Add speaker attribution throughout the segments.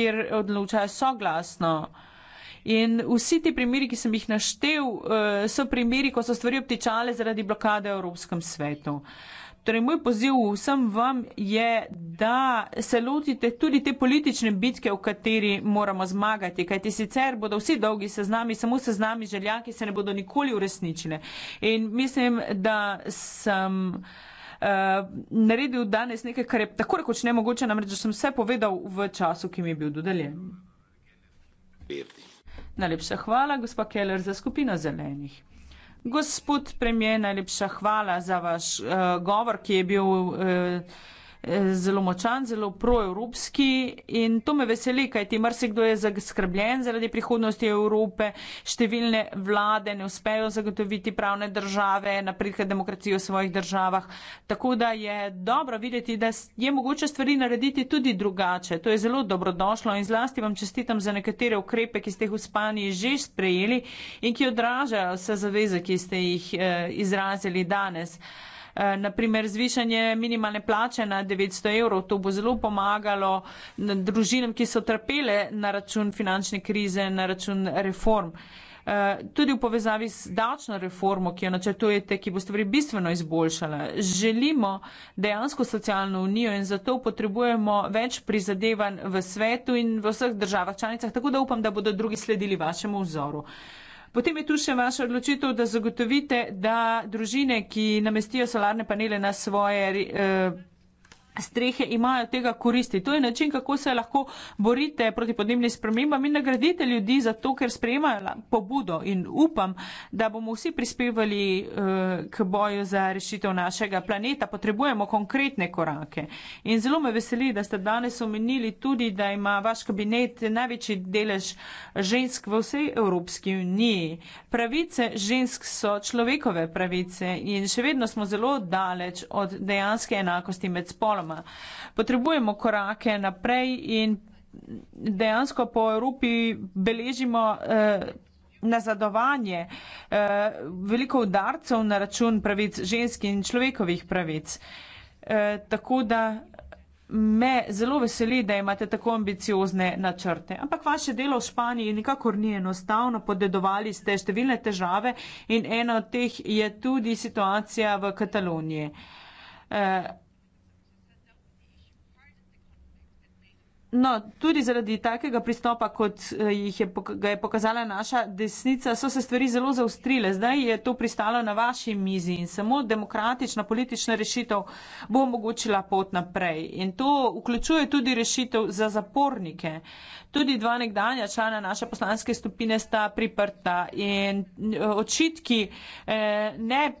Speaker 1: kjer odločajo soglasno. In vsi ti primeri, ki sem jih naštel, eh, so primeri, ko so stvari obtičale zaradi blokade v Evropskem svetu. Torej, moj poziv vsem vam je, da se lotite tudi te politične bitke, v kateri moramo zmagati, kajti sicer bodo vsi dolgi seznami, samo seznami želja, ki se ne bodo nikoli uresničile. In mislim, da sem. Eh, naredil danes nekaj, kar je tako rekoč ne mogoče, namreč, da sem vse povedal v času, ki mi je bil dodeljen. Najlepša hvala, gospa Keller, za skupino zelenih. Gospod premije, najlepša hvala za vaš uh, govor, ki je bil. Uh, Eh, zelo močan, zelo proevropski in to me veseli, kaj ti marsikdo je zaskrbljen zaradi prihodnosti Evrope, številne vlade ne uspejo zagotoviti pravne države, napredka demokracije v svojih državah. Tako da je dobro videti, da je mogoče stvari narediti tudi drugače. To je zelo dobrodošlo in zlasti vam čestitam za nekatere ukrepe, ki ste jih v Spaniji že sprejeli in ki odražajo vse zaveze, ki ste jih eh, izrazili danes. Eh, naprimer zvišanje minimalne plače na 900 evrov. To bo zelo pomagalo družinam, ki so trpele na račun finančne krize, na račun reform. Eh, tudi v povezavi s davčno reformo, ki jo načrtujete, ki bo stvari bistveno izboljšala, želimo dejansko socialno unijo in zato potrebujemo več prizadevanj v svetu in v vseh državah članicah, tako da upam, da bodo drugi sledili vašemu vzoru. Potem je tu še vaša odločitev, da zagotovite, da družine, ki namestijo solarne panele na svoje. Eh, strehe imajo tega koristi. To je način, kako se lahko borite proti podnebnim spremembam in nagradite ljudi za to, ker sprejemajo pobudo in upam, da bomo vsi prispevali eh, k boju za rešitev našega planeta. Potrebujemo konkretne korake. In zelo me veseli, da ste danes omenili tudi, da ima vaš kabinet največji delež žensk v vsej Evropski uniji. Pravice žensk so človekove pravice in še vedno smo zelo daleč od dejanske enakosti med spolom popolnoma. Potrebujemo korake naprej in dejansko po Evropi beležimo. Eh, nazadovanje eh, veliko udarcev na račun pravic žensk in človekovih pravic. Eh, tako da me zelo veseli, da imate tako ambiciozne načrte. Ampak vaše delo v Španiji nikakor ni enostavno, podedovali ste številne težave in ena od teh je tudi situacija v Kataloniji. Eh, No, tudi zaradi takega pristopa, kot eh, je, ga je pokazala naša desnica, so se stvari zelo zaustrile. Zdaj je to pristalo na vaši mizi in samo demokratična politična rešitev bo omogočila pot naprej. In to vključuje tudi rešitev za zapornike. Tudi dva nekdanja člana naše poslanske stopine sta priprta in eh, očitki eh, ne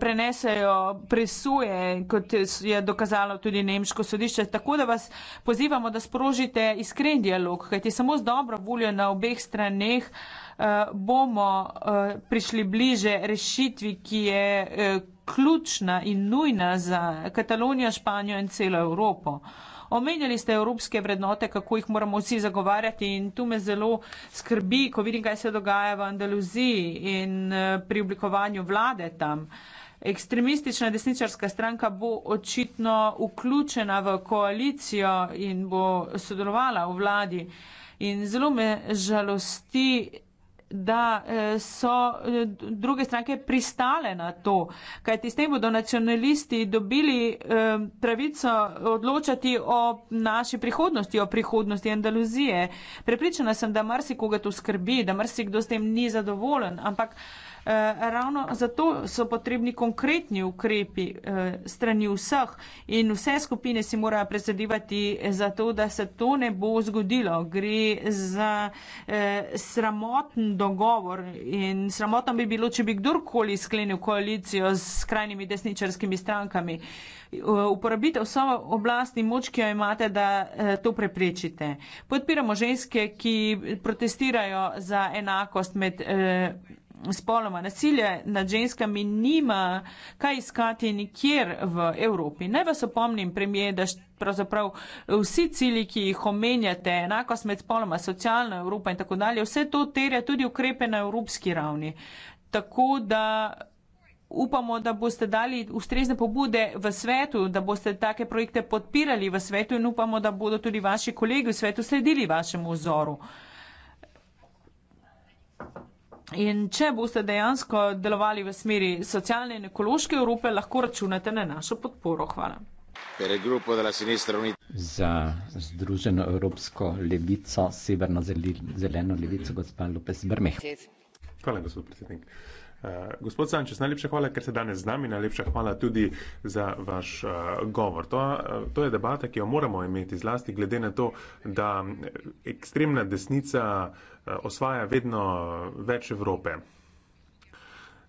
Speaker 1: prenesejo presuje, kot je dokazalo tudi nemško sodišče. Tako da vas pozivamo, da sprožite iskren dialog, kajti samo z dobro voljo na obeh straneh eh, bomo eh, prišli bliže rešitvi, ki je eh, ključna in nujna za Katalonijo, Španijo in celo Evropo. Omenjali ste evropske vrednote, kako jih moramo vsi zagovarjati in tu me zelo skrbi, ko vidim, kaj se dogaja v Andaluziji in eh, pri oblikovanju vlade tam. Ekstremistična desničarska stranka bo očitno vključena v koalicijo in bo sodelovala v vladi. In zelo me žalosti, da eh, so eh, druge stranke pristale na to, kajti s tem bodo nacionalisti dobili eh, pravico odločati o naši prihodnosti, o prihodnosti Andaluzije. Prepričana sem, da marsikoga to skrbi, da marsikdo s tem ni zadovoljen, ampak Eh, ravno zato so potrebni konkretni ukrepi eh, strani vseh in vse skupine si morajo presedevati za to, da se to ne bo zgodilo. Gre za eh, sramoten dogovor in sramotno bi bilo, če bi kdorkoli sklenil koalicijo z skrajnimi desničarskimi strankami. Eh, Uporabite vso oblast in moč, ki jo imate, da eh, to preprečite. Podpiramo ženske, ki protestirajo za enakost med. Eh, spoloma nasilje nad ženskami nima kaj iskati nikjer v Evropi. Naj vas opomnim, premije, da pravzaprav vsi cilji, ki jih omenjate, enakost med spoloma, socialna Evropa in tako dalje, vse to terja tudi ukrepe na evropski ravni. Tako da upamo, da boste dali ustrezne pobude v svetu, da boste take projekte podpirali v svetu in upamo, da bodo tudi vaši kolegi v svetu sledili vašemu vzoru. Thank you. In če boste dejansko delovali v smeri socialne in ekološke Evrope, lahko računate na našo podporo. Hvala.
Speaker 2: Za Združeno evropsko levico, severno zeleno levico, gospod Lopes Brmeh.
Speaker 3: Hvala, gospod predsednik. Uh, gospod Sančes, najlepša hvala, ker ste danes z nami, najlepša hvala tudi za vaš uh, govor. To, uh, to je debata, ki jo moramo imeti zlasti glede na to, da ekstremna desnica uh, osvaja vedno več Evrope.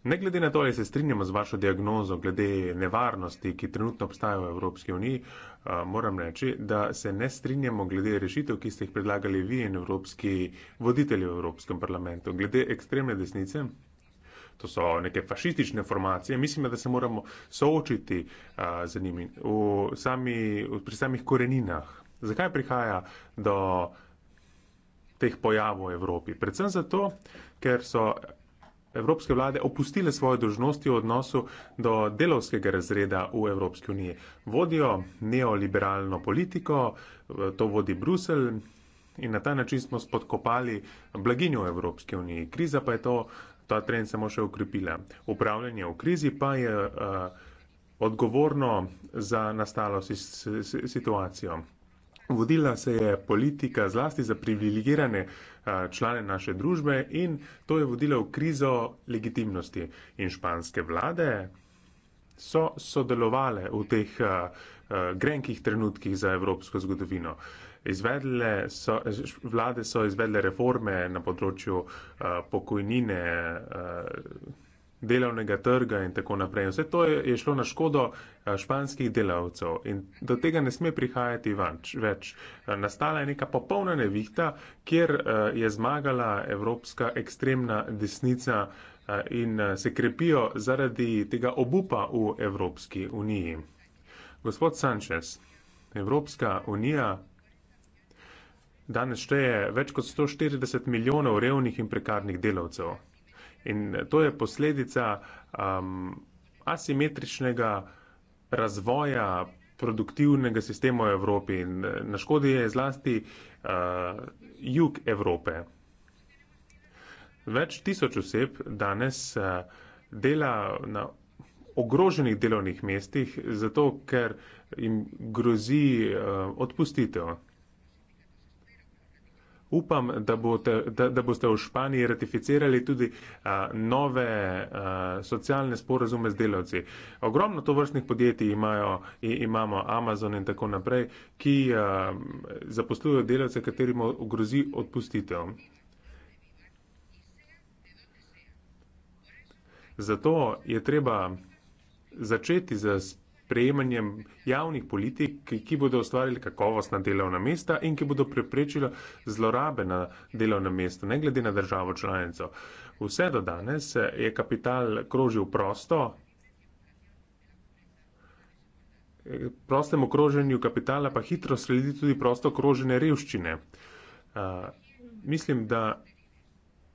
Speaker 3: Ne glede na to, ali se strinjamo z vašo diagnozo glede nevarnosti, ki trenutno obstajajo v Evropski uniji, moram reči, da se ne strinjamo glede rešitev, ki ste jih predlagali vi in evropski voditelji v Evropskem parlamentu. Glede ekstremne desnice, to so neke fašistične formacije. Mislim, da se moramo soočiti a, z njimi v sami, v, pri samih koreninah. Zakaj prihaja do teh pojavov v Evropi? Predvsem zato, ker so evropske vlade opustile svoje dožnosti v odnosu do delovskega razreda v Evropski uniji. Vodijo neoliberalno politiko, to vodi Brusel. In na ta način smo spodkopali blaginjo v Evropski uniji. Kriza pa je to uh, ta trend samo še ukrepila. Upravljanje v krizi pa je uh, odgovorno za nastalo si, si, si, situacijo. Vodila se je politika zlasti za privilegirane eh, člane naše družbe in to je vodilo v krizo legitimnosti. In španske vlade so sodelovale v teh eh, grenkih trenutkih za evropsko zgodovino izvedle, so, vlade so izvedle reforme na področju uh, pokojnine, uh, delovnega trga in tako naprej. Vse to je, je šlo na škodo eh, španskih delavcev in do tega ne sme prihajati vanč, več. Nastala je neka popolna nevihta, kjer uh, je zmagala evropska ekstremna desnica uh, in uh, se krepijo zaradi tega obupa v Evropski uniji. Gospod Sanchez, Evropska unija Danes šteje več kot 140 milijonov revnih in prekarnih delavcev. In to je posledica um, asimetričnega razvoja produktivnega sistema v Evropi. In eh, na škodi je zlasti uh, jug Evrope. Več tisoč oseb danes uh, dela na ogroženih delovnih mestih, zato ker jim grozi uh, odpustitev. Upam, da boste, da, da boste v Španiji ratificirali tudi a, nove a, socialne sporazume z delavci. Ogromno to vrstnih podjetij imajo, imamo Amazon in tako naprej, ki a, zaposlujo delavce, katerim ogrozi odpustitev. Zato je treba začeti z prejemanjem javnih politik, ki bodo ustvarili kakovostna delovna mesta in ki bodo preprečili zlorabe na delovnem mestu, ne glede na državo članico. Vse do danes je kapital krožil prosto. Prostemu kroženju kapitala pa hitro sledi tudi prosto krožene revščine. Uh, mislim, da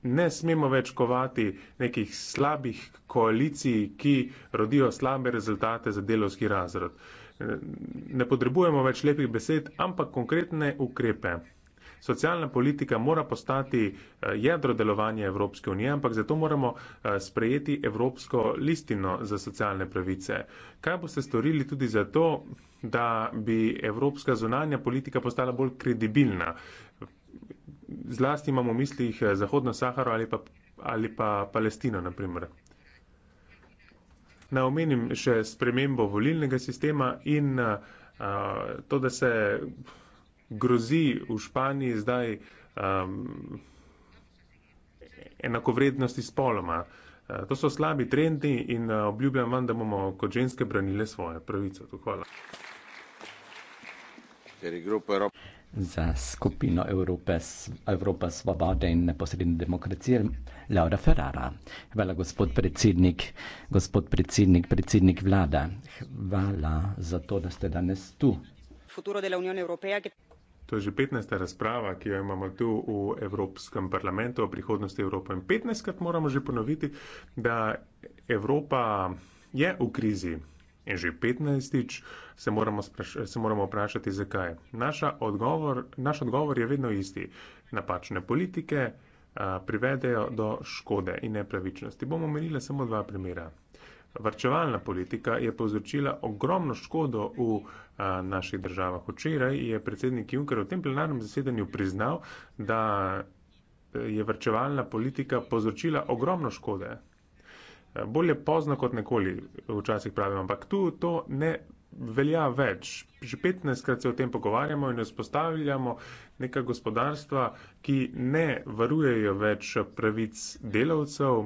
Speaker 3: ne smemo več kovati nekih slabih koalicij, ki rodijo slabe rezultate za delovski razred. Ne potrebujemo več lepih besed, ampak konkretne ukrepe. Socialna politika mora postati eh, jedro delovanja Evropske unije, ampak zato moramo eh, sprejeti Evropsko listino za socialne pravice. Kaj boste storili tudi za to, da bi evropska zunanja politika postala bolj kredibilna? zlasti imamo v mislih eh, Zahodno Saharo ali pa, ali pa Palestino, naprimer. Naomenim še spremembo volilnega sistema in uh, to, da se grozi v Španiji zdaj um, enakovrednosti spoloma. Uh, to so slabi trendi in uh, obljubljam vam, da bomo kot ženske branile svoje pravice. Hvala. Europa, Europa
Speaker 2: za skupino Evrope, Evropa svobode in neposredne demokracije, Laura Ferrara. Hvala, gospod predsednik, gospod predsednik, predsednik vlada. Hvala za to, da ste danes tu.
Speaker 3: To je že 15. razprava, ki jo imamo tu v Evropskem parlamentu o prihodnosti Evrope. In 15. krat moramo že ponoviti, da Evropa je v krizi. In že 15-tič se, se moramo vprašati, zakaj. Odgovor, naš odgovor je vedno isti. Napačne politike a, eh, privedejo do škode in nepravičnosti. Bomo omenili samo dva primera. Vrčevalna politika je povzročila ogromno škodo v a, eh, naših državah. Včeraj je predsednik Juncker v tem plenarnem zasedanju priznal, da eh, je vrčevalna politika povzročila ogromno škode. Bolje pozno kot nekoli, včasih pravim, ampak tu to ne velja več. Že 15krat se o tem pogovarjamo in vzpostavljamo neka gospodarstva, ki ne varujejo več pravic delavcev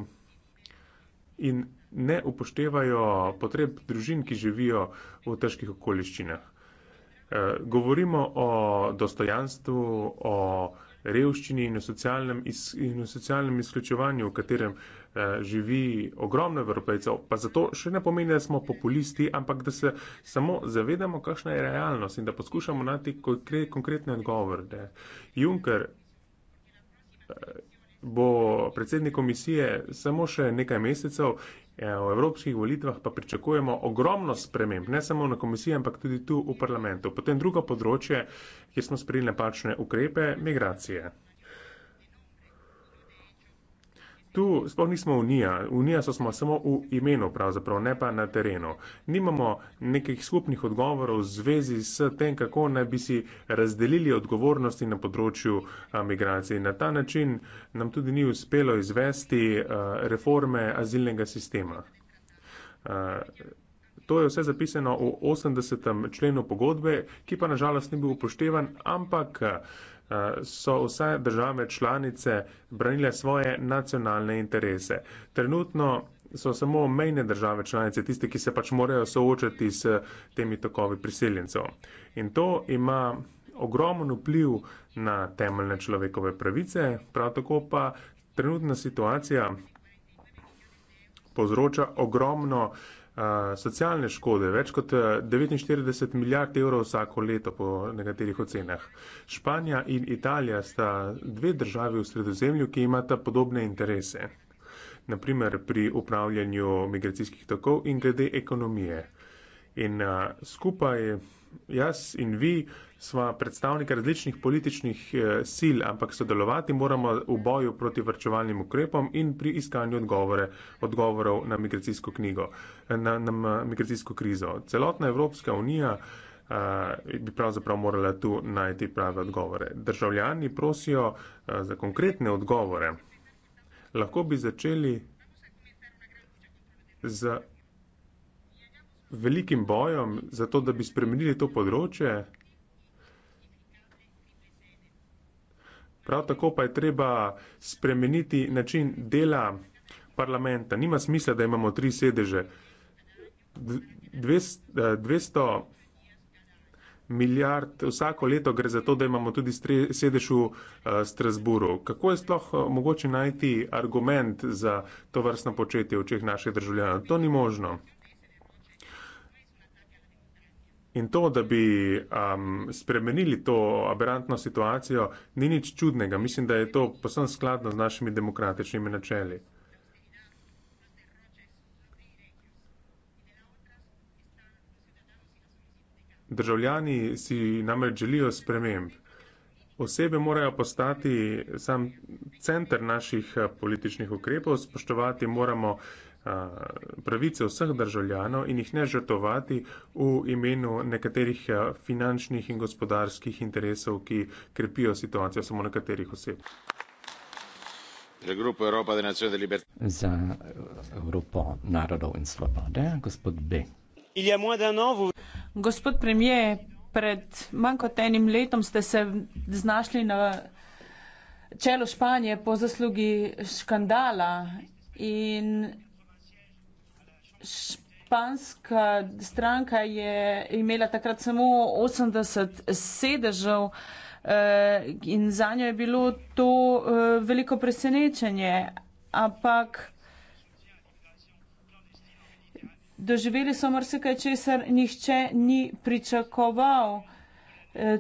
Speaker 3: in ne upoštevajo potreb družin, ki živijo v težkih okoliščinah. Eh, govorimo o dostojanstvu, o revščini in o socialnem, iz, in o socialnem izključevanju, v katerem Eh, živi ogromno evropejcev. Pa zato še ne pomeni, da smo populisti, ampak da se samo zavedamo, kakšna je realnost in da poskušamo najti konkretne odgovore. Juncker eh, bo predsednik komisije samo še nekaj mesecev, v eh, evropskih volitvah pa pričakujemo ogromno sprememb, ne samo na komisiji, ampak tudi tu v parlamentu. Potem drugo področje, kjer smo sprejeli napačne ukrepe, migracije. tu sploh nismo unija. Unija so smo samo v imenu, pravzaprav, ne pa na terenu. Nimamo nekih skupnih odgovorov v zvezi s tem, kako naj bi si razdelili odgovornosti na področju migracij. Na ta način nam tudi ni uspelo izvesti reforme azilnega sistema. To je vse zapisano v 80. členu pogodbe, ki pa nažalost ni bil upoštevan, ampak. Eh, so vse države članice branile svoje nacionalne interese. Trenutno so samo mejne države članice tiste, ki se pač morajo soočati s temi tokovi priseljencev. In to ima ogromen vpliv na temeljne človekove pravice, prav tako pa trenutna situacija povzroča ogromno uh, socialne škode, več kot 49 milijard evrov vsako leto po nekaterih ocenah. Španija in Italija sta dve državi v sredozemlju, ki imata podobne interese, naprimer pri upravljanju migracijskih tokov in glede ekonomije. In a, skupaj jaz in vi smo predstavniki različnih političnih eh, sil, ampak sodelovati moramo v boju proti vrčevalnim ukrepom in pri iskanju odgovore, odgovorov na migracijsko, knjigo, eh, na, na migracijsko krizo. Celotna Evropska unija eh, bi pravzaprav morala tu najti prave odgovore. Državljani prosijo za konkretne odgovore. Lahko bi začeli z velikim bojem za to, da bi spremenili to področje. Prav tako pa je treba spremeniti način dela parlamenta. Nima smisla, da imamo tri sedeže. 200 eh, milijard vsako leto gre za to, da imamo tudi sedež v eh, Strasburu. Kako je sploh eh, mogoče najti argument za to vrstno početje v čeh naših državljanov? To ni možno. In to, da bi um, spremenili to aberantno situacijo, ni nič čudnega. Mislim, da je to posebno skladno z našimi demokratičnimi načeli. Državljani si namreč želijo sprememb. Osebe morajo postati sam center naših eh, političnih ukrepov, spoštovati moramo uh, pravice vseh državljanov in jih ne žrtovati v imenu nekaterih finančnih in gospodarskih interesov, ki krepijo situacijo samo nekaterih oseb. Za
Speaker 2: eh, Evropo narodov in svobode, gospod B.
Speaker 1: Gospod premije, pred manj kot enim letom ste se znašli na čelu Španije po zaslugi škandala in španska stranka je imela takrat samo 80 sedežev eh, in za njo je bilo to eh, veliko presenečenje, ampak doživeli so marsikaj, česar nihče ni pričakoval. Eh,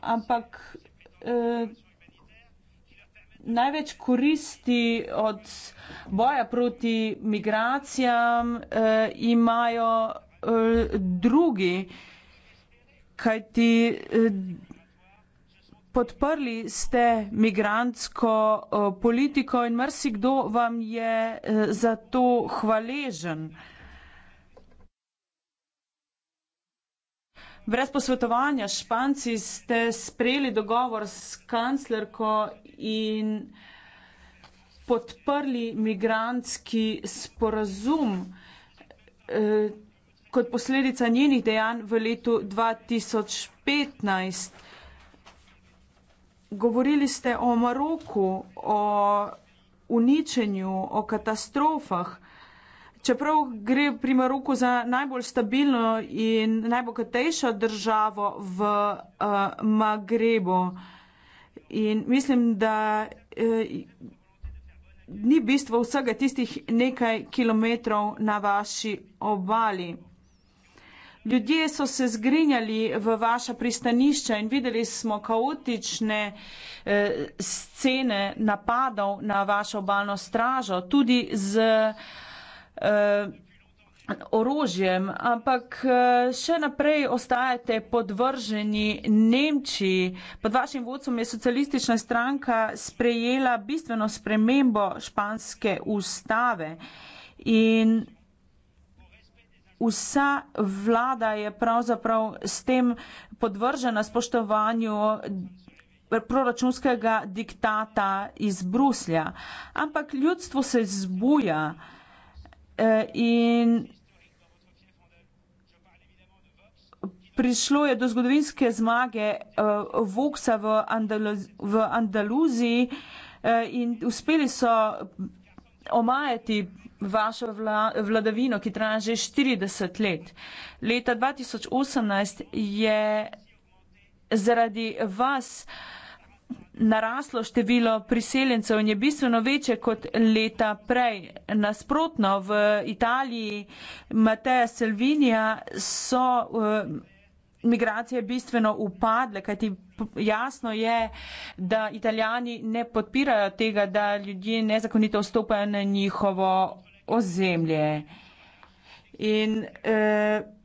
Speaker 1: ampak eh, največ koristi od boja proti migracijam eh, imajo eh, drugi, kajti eh, podprli ste migransko eh, politiko in mrsikdo vam je eh, za to hvaležen. Eh, Brez posvetovanja s Španci ste sprejeli dogovor s kanclerko in podprli migranski sporazum eh, kot posledica njenih dejanj v letu 2015. Govorili ste o Maroku, o uničenju, o katastrofah. Čeprav gre pri Maroku za najbolj stabilno in najbogatejšo državo v uh, Magrebu. In mislim, da uh, ni bistvo vsega tistih nekaj kilometrov na vaši obali. Ljudje so se zgrinjali v vaša pristanišča in videli smo kaotične uh, scene napadov na vašo obalno stražo, tudi z. Uh, Eh, orožjem, ampak eh, še naprej ostajate podvrženi Nemčiji. Pod vašim vodcom je socialistična stranka sprejela bistveno spremembo španske ustave in vsa vlada je pravzaprav s tem podvržena spoštovanju proračunskega diktata iz Bruslja. Ampak ljudstvo se zbuja. Eh, in prišlo je do zgodovinske zmage eh, Voxa v, Andaluz v Andaluziji eh, in uspeli so omajati vašo vla vladavino, ki traja že 40 let. Leta 2018 je zaradi vas naraslo število priseljencev in je bistveno večje kot leta prej. Nasprotno, v Italiji Mateja Selvinija so uh, migracije bistveno upadle, kajti jasno je, da italijani ne podpirajo tega, da ljudje nezakonito vstopajo na njihovo ozemlje. In uh,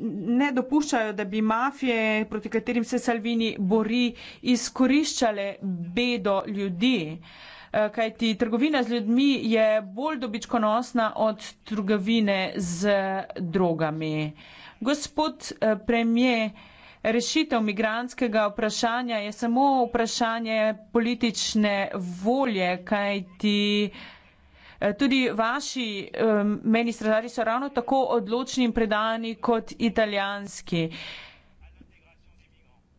Speaker 1: ne dopuščajo, da bi mafije, proti katerim se Salvini bori, izkoriščale bedo ljudi. Eh, kajti trgovina z ljudmi je bolj dobičkonosna od trgovine z drogami. Gospod eh, premije, rešitev migranskega vprašanja je samo vprašanje politične volje, kajti. Eh, tudi vaši eh, meni stražarji so ravno tako odločni in predani kot italijanski.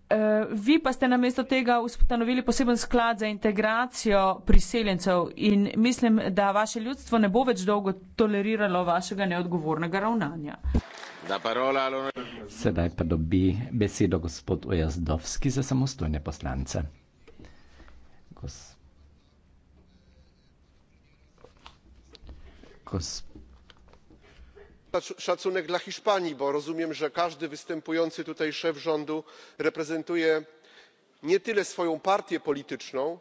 Speaker 1: Eh, vi pa ste namesto tega ustanovili poseben sklad za integracijo priseljencev in mislim, da vaše ljudstvo ne bo več dolgo toleriralo vašega neodgovornega ravnanja.
Speaker 2: Sedaj pa dobi besedo gospod Ojazdovski za samostojne poslance. Gos
Speaker 1: szacunek dla hiszpanii bo rozumiem że każdy występujący tutaj szef rządu reprezentuje nie tyle swoją partię polityczną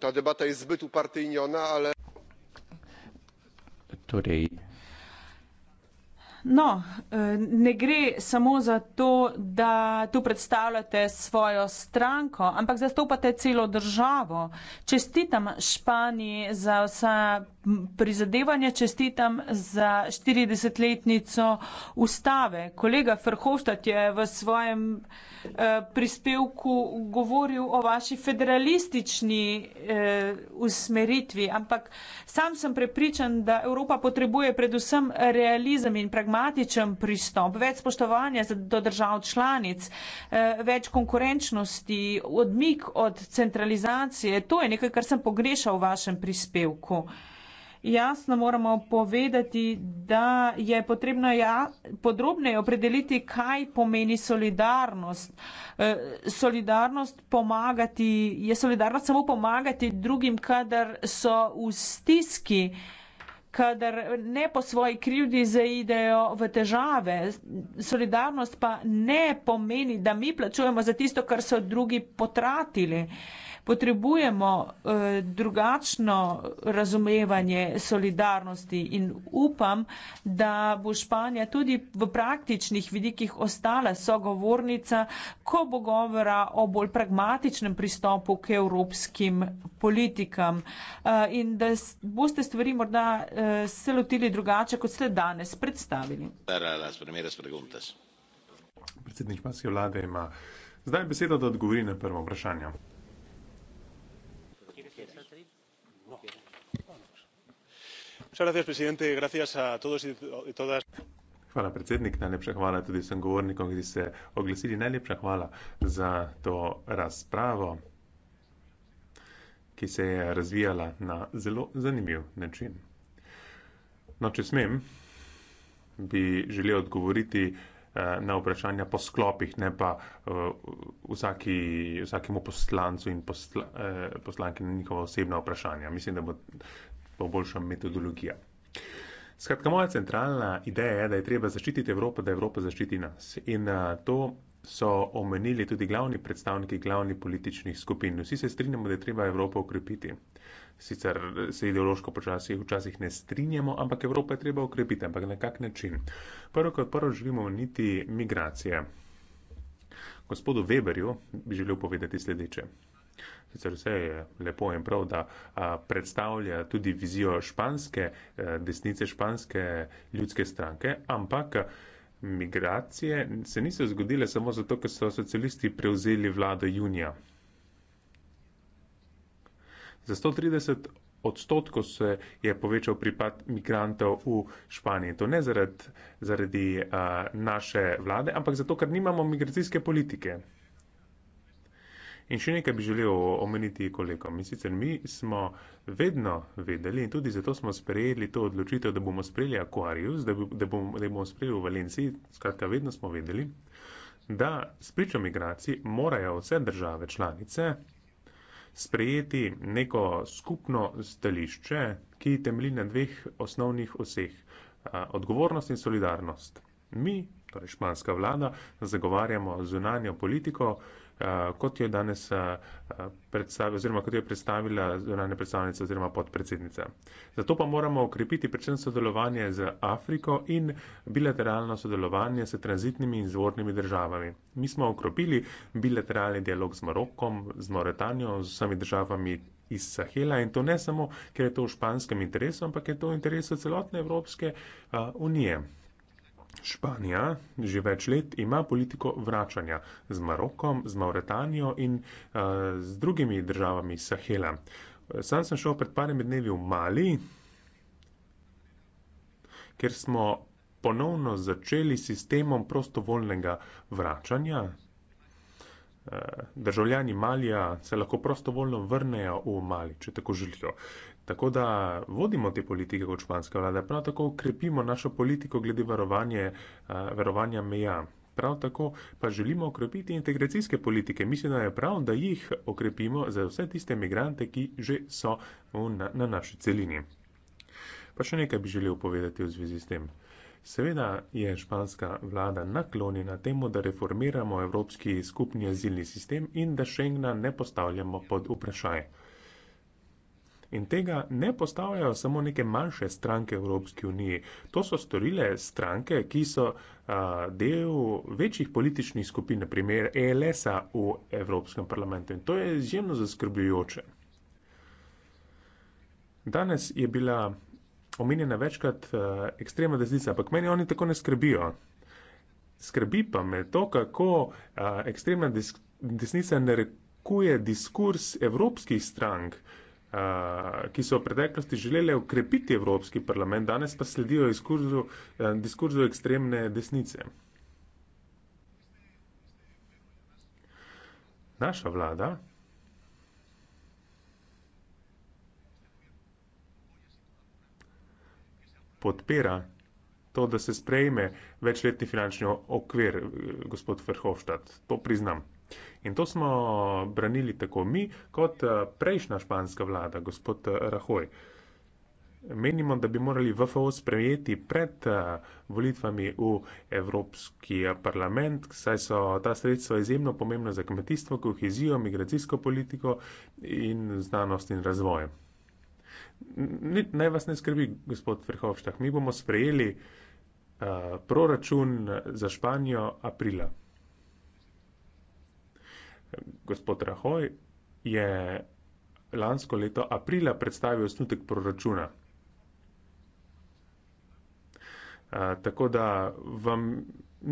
Speaker 1: ta debata jest zbyt upartyjniona ale. której No, eh, ne gre samo za to, da tu predstavljate svojo stranko, ampak zastopate celo državo. Čestitam Španiji za vsa prizadevanja, čestitam za 40-letnico ustave. Kolega Ferhovstad je v svojem eh, prispevku govoril o vaši federalistični eh, usmeritvi, ampak sam sem prepričan, da Evropa potrebuje predvsem realizem in pragmatizem pragmatičen pristop, več spoštovanja do držav članic, eh, več konkurenčnosti, odmik od centralizacije. To je nekaj, kar sem pogrešal v vašem prispevku. Jasno moramo povedati, da je potrebno ja, podrobneje opredeliti, kaj pomeni solidarnost. E, solidarnost pomagati, je solidarnost samo pomagati drugim, kadar so v stiski. E, kadar ne po svoji krivdi zaidejo v težave. Solidarnost pa ne pomeni, da mi plačujemo za tisto, kar so drugi potratili potrebujemo eh, drugačno razumevanje solidarnosti in upam, da bo Španija tudi v praktičnih vidikih ostala sogovornica, ko bo govora o bolj pragmatičnem pristopu k evropskim politikam eh, in da boste stvari morda eh, se lotili drugače, kot ste danes predstavili.
Speaker 3: Predsednik Maske vlade ima zdaj besedo, da odgovori na prvo vprašanje. Hvala, predsednik. Najlepša hvala, predsednik. Najlepša hvala tudi vsem govornikom, ki ste oglasili. Najlepša hvala za to razpravo, ki se je razvijala na zelo zanimiv način. No, če smem, bi želel odgovoriti eh, na vprašanja po sklopih, ne pa eh, vsaki, vsakemu poslancu in posla, eh, poslanki na njihova osebna vprašanja. Mislim, da bo poboljša metodologija. Skratka, moja centralna ideja je, da je treba zaščititi Evropo, da Evropa zaščiti nas. In to so omenili tudi glavni predstavniki glavnih političnih skupin. Vsi se strinjamo, da je treba Evropo ukrepiti. Sicer se ideološko počasi včasih ne strinjamo, ampak Evropo je treba ukrepiti, ampak na kak način. Prvo kot prvo želimo omeniti migracije. Gospodu Weberju bi želel povedati sledeče sicer vse je lepo in prav, da a, predstavlja tudi vizijo španske a, e, desnice, španske ljudske stranke, ampak migracije se niso zgodile samo zato, ker so socialisti prevzeli vlado junija. Za 130 odstotkov se je povečal pripad migrantov v Španiji. To ne zaradi, zaradi a, naše vlade, ampak zato, ker nimamo migracijske politike. In še nekaj bi želel omeniti kolegom. Mi sicer mi smo vedno vedeli in tudi zato smo sprejeli to odločitev, da bomo sprejeli Aquarius, da, bi, da, bom, da bomo sprejeli v Valenciji, skratka vedno smo vedeli, da s pričo migracij morajo vse države članice sprejeti neko skupno stališče, ki temelji na dveh osnovnih oseh – odgovornost in solidarnost. Mi, torej španska vlada, zagovarjamo zunanjo politiko, kot jo je danes predstavila, oziroma kot jo je predstavila zunanja predstavnica oziroma podpredsednica. Zato pa moramo okrepiti predvsem sodelovanje z Afriko in bilateralno sodelovanje s tranzitnimi in zvornimi državami. Mi smo okropili bilateralni dialog z Marokom, z Mauretanijo, z vsemi državami iz Sahela in to ne samo, ker je to v španskem interesu, ampak je to v interesu celotne Evropske a, unije. Španija že več let ima politiko vračanja z Marokom, z Mauretanijo in uh, z drugimi državami Sahela. Sam sem šel pred parimi dnevi v Mali, kjer smo ponovno začeli s sistemom prostovoljnega vračanja. Eh, državljani Malija se lahko prostovoljno vrnejo v Mali, če tako želijo. Tako da vodimo te politike kot španska vlada, prav tako krepimo našo politiko glede varovanje, uh, varovanja meja. Prav tako pa želimo okrepiti integracijske politike. Mislim, da je prav, da jih okrepimo za vse tiste imigrante, ki že so v, na, na naši celini. Pa še nekaj bi želel povedati v zvezi s tem. Seveda je španska vlada naklonjena temu, da reformiramo evropski skupni azilni sistem in da Schengna ne postavljamo pod vprašanje. In tega ne postavljajo samo neke manjše stranke v Evropski uniji. To so storile stranke, ki so a, del večjih političnih skupin, naprimer ELS-a v Evropskem parlamentu. In to je izjemno zaskrbljujoče. Danes je bila omenjena večkrat a, ekstrema desnica, ampak meni oni tako ne skrbijo. Skrbi pa me to, kako a, ekstrema des, desnica narekuje diskurs evropskih strank. A, ki so v preteklosti želeli ukrepiti Evropski parlament, danes pa sledijo diskurzu, diskurzu ekstremne desnice. Naša vlada. Podpira to, da se sprejme večletni finančni okvir, gospod Verhofstadt. To priznam. In to smo branili tako mi, kot eh, prejšnja španska vlada, gospod eh, Rahoj. Menimo, da bi morali VFO sprejeti pred eh, volitvami v Evropski parlament, saj so ta sredstva izjemno pomembna za kmetijstvo, kohezijo, migracijsko politiko in znanost in razvoj. Naj vas ne skrbi, gospod Verhovštah, mi bomo sprejeli uh, proračun za Španijo aprila. Gospod Rahoj je lansko leto aprila predstavil osnutek proračuna. A, tako da vam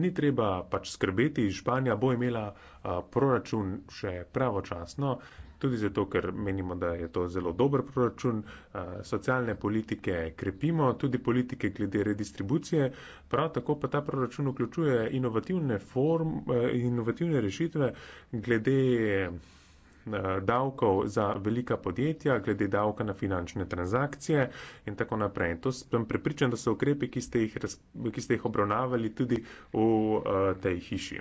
Speaker 3: ni treba pač skrbeti, Španija bo imela a, proračun še pravočasno tudi zato, ker menimo, da je to zelo dober proračun, socialne politike krepimo, tudi politike glede redistribucije, prav tako pa ta proračun vključuje inovativne, form, inovativne rešitve glede davkov za velika podjetja, glede davka na finančne transakcije in tako naprej. In to sem prepričan, da so ukrepe, ki ste jih, raz, ki ste jih obravnavali tudi v uh, tej hiši.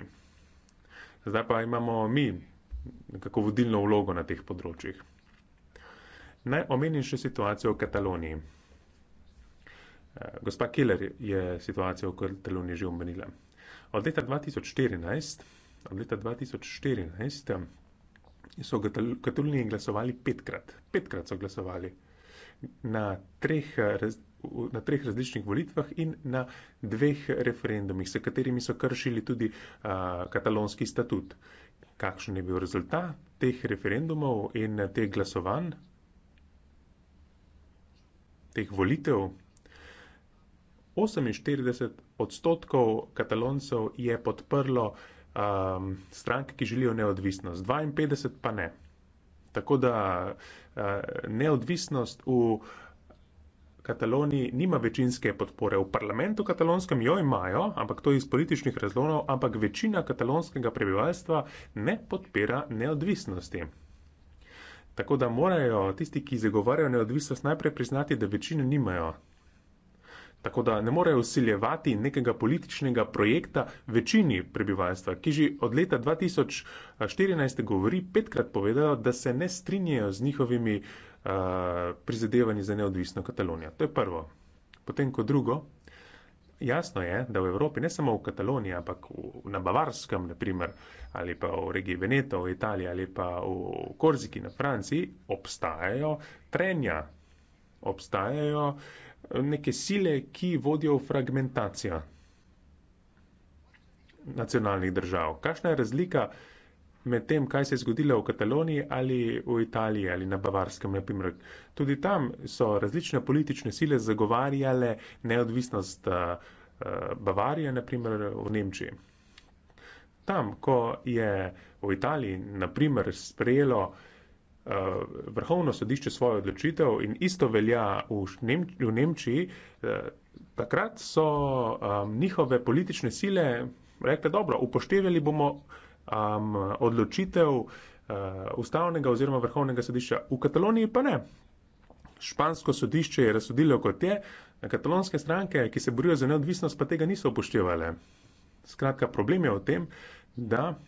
Speaker 3: Zdaj pa imamo mi nekako vodilno vlogo na teh področjih. Naj omenim še situacijo v Kataloniji. Eh, gospa Keller je situacijo v Kataloniji že omenila. Od leta 2014, od leta 2014 eh, so v Kataloniji glasovali petkrat. Petkrat so glasovali na treh, eh, na treh različnih volitvah in na dveh referendumih, s katerimi so kršili tudi uh, katalonski statut. Uh, kakšen je bil rezultat teh referendumov in eh, teh glasovanj, teh volitev. 48 odstotkov kataloncev je podprlo um, stranke, ki želijo neodvisnost, 52 pa ne. Tako da uh, neodvisnost v uh, Kataloniji nima večinske podpore. V parlamentu katalonskem jo imajo, ampak to iz političnih razlogov, ampak večina katalonskega prebivalstva ne podpira neodvisnosti. Tako da morajo tisti, ki zagovarjajo neodvisnost, najprej priznati, da večine nimajo. Tako da ne morejo usiljevati nekega političnega projekta večini prebivalstva, ki že od leta 2014 govori, petkrat povedajo, da se ne strinjajo z njihovimi uh, Eh, prizadevanje za neodvisno Katalonijo. To je prvo. Potem kot drugo, jasno je, da v Evropi, ne samo v Kataloniji, ampak v, na Bavarskem, naprimer, ali pa v regiji Veneto, v Italiji, ali pa v Korziki na Franciji, obstajajo trenja, obstajajo eh, neke sile, ki vodijo v fragmentacijo nacionalnih držav. Kakšna je razlika? med tem, kaj se je zgodilo v Kataloniji ali v Italiji ali na Bavarskem. Naprimer. Tudi tam so različne politične sile zagovarjale neodvisnost eh, eh, Bavarije, naprimer v Nemčiji. Tam, ko je v Italiji naprimer, sprejelo eh, vrhovno sodišče svojo odločitev in isto velja v, Nemč v Nemčiji, takrat so njihove politične sile rekle, dobro, upoštevali bomo um, odločitev uh, ustavnega oziroma vrhovnega sodišča, v Kataloniji pa ne. Špansko sodišče je razsodilo kot je, katalonske stranke, ki se borijo za neodvisnost, pa tega niso upoštevale. Skratka, problem je v tem, da uh,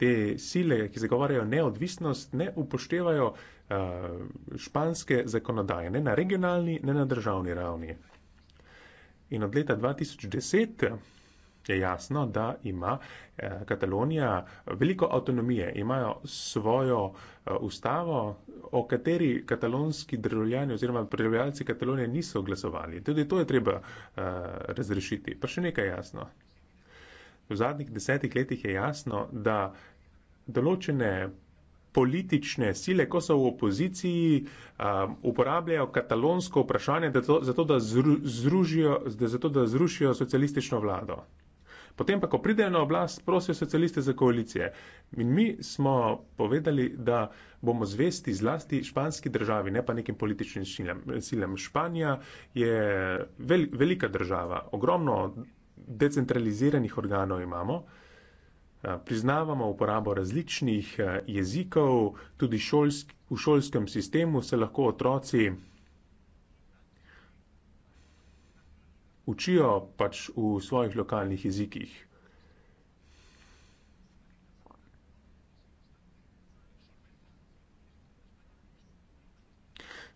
Speaker 3: te sile, ki zagovarjajo neodvisnost, ne upoštevajo uh, španske zakonodaje, ne na regionalni, ne na državni ravni. In od leta 2010 je jasno, da ima eh, Katalonija veliko avtonomije, imajo svojo eh, ustavo, o kateri katalonski državljani oziroma prebivalci Katalonije niso glasovali. Tudi to je treba eh, razrešiti. Pa še nekaj jasno. V zadnjih desetih letih je jasno, da določene politične sile, ko so v opoziciji, um, uporabljajo katalonsko vprašanje, da to, zato, da zru, zružijo, da zato da zrušijo socialistično vlado. Potem pa, ko pridejo na oblast, prosijo socialiste za koalicije. In mi smo povedali, da bomo zvesti zlasti španski državi, ne pa nekim političnim silam. Španija je vel, velika država, ogromno decentraliziranih organov imamo. Priznavamo uporabo različnih jezikov, tudi šolsk, v šolskem sistemu se lahko otroci učijo pač v svojih lokalnih jezikih.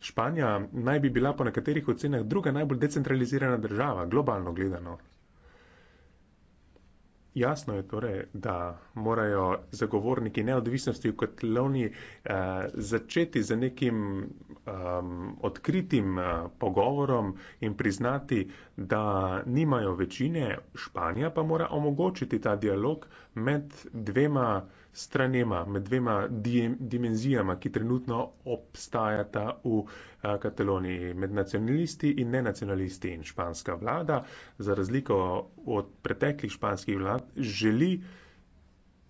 Speaker 3: Španija naj bi bila po nekaterih ocenah druga najbolj decentralizirana država, globalno gledano. Jasno je torej, da morajo zagovorniki neodvisnosti v Kataloniji eh, začeti z nekim eh, odkritim eh, pogovorom in priznati, da nimajo večine, Španija pa mora omogočiti ta dialog med dvema stranema, med dvema di dimenzijama, ki trenutno obstajata v a, eh, Kataloniji, med nacionalisti in nenacionalisti. In španska vlada, za razliko od preteklih španskih vlad, želi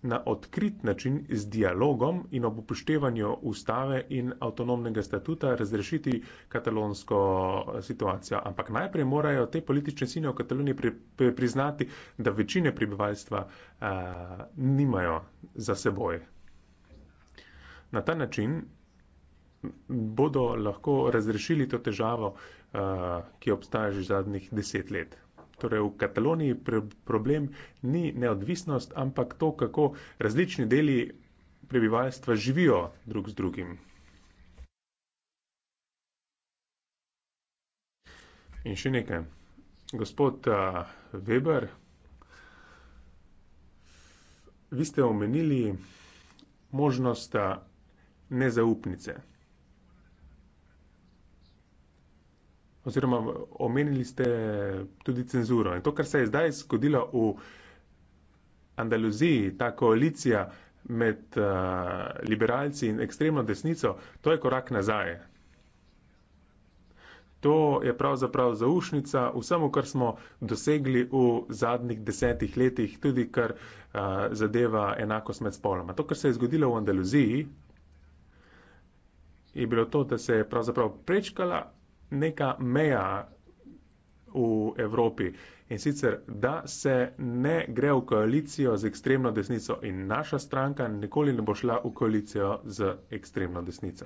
Speaker 3: na odkrit način z dialogom in ob upoštevanju ustave in avtonomnega statuta razrešiti katalonsko eh, situacijo. Ampak najprej morajo te politične sile v Kataloniji pri, pri, priznati, da večine prebivalstva a, eh, nimajo za seboj. Na ta način bodo lahko razrešili to težavo, a, eh, ki obstaja že zadnjih deset let. Torej v Kataloniji problem ni neodvisnost, ampak to, kako različni deli prebivalstva živijo drug z drugim. In še nekaj. Gospod Weber, vi ste omenili možnost nezaupnice. oziroma omenili ste tudi cenzuro. In to, kar se je zdaj zgodilo v Andaluziji, ta koalicija med uh, liberalci in ekstremno desnico, to je korak nazaj. To je pravzaprav zaušnica vsemu, kar smo dosegli v zadnjih desetih letih, tudi kar uh, zadeva enakost med spoloma. To, kar se je zgodilo v Andaluziji, je bilo to, da se je pravzaprav prečkala neka meja v Evropi. In sicer, da se ne gre v koalicijo z ekstremno desnico in naša stranka nikoli ne bo šla v koalicijo z ekstremno desnico.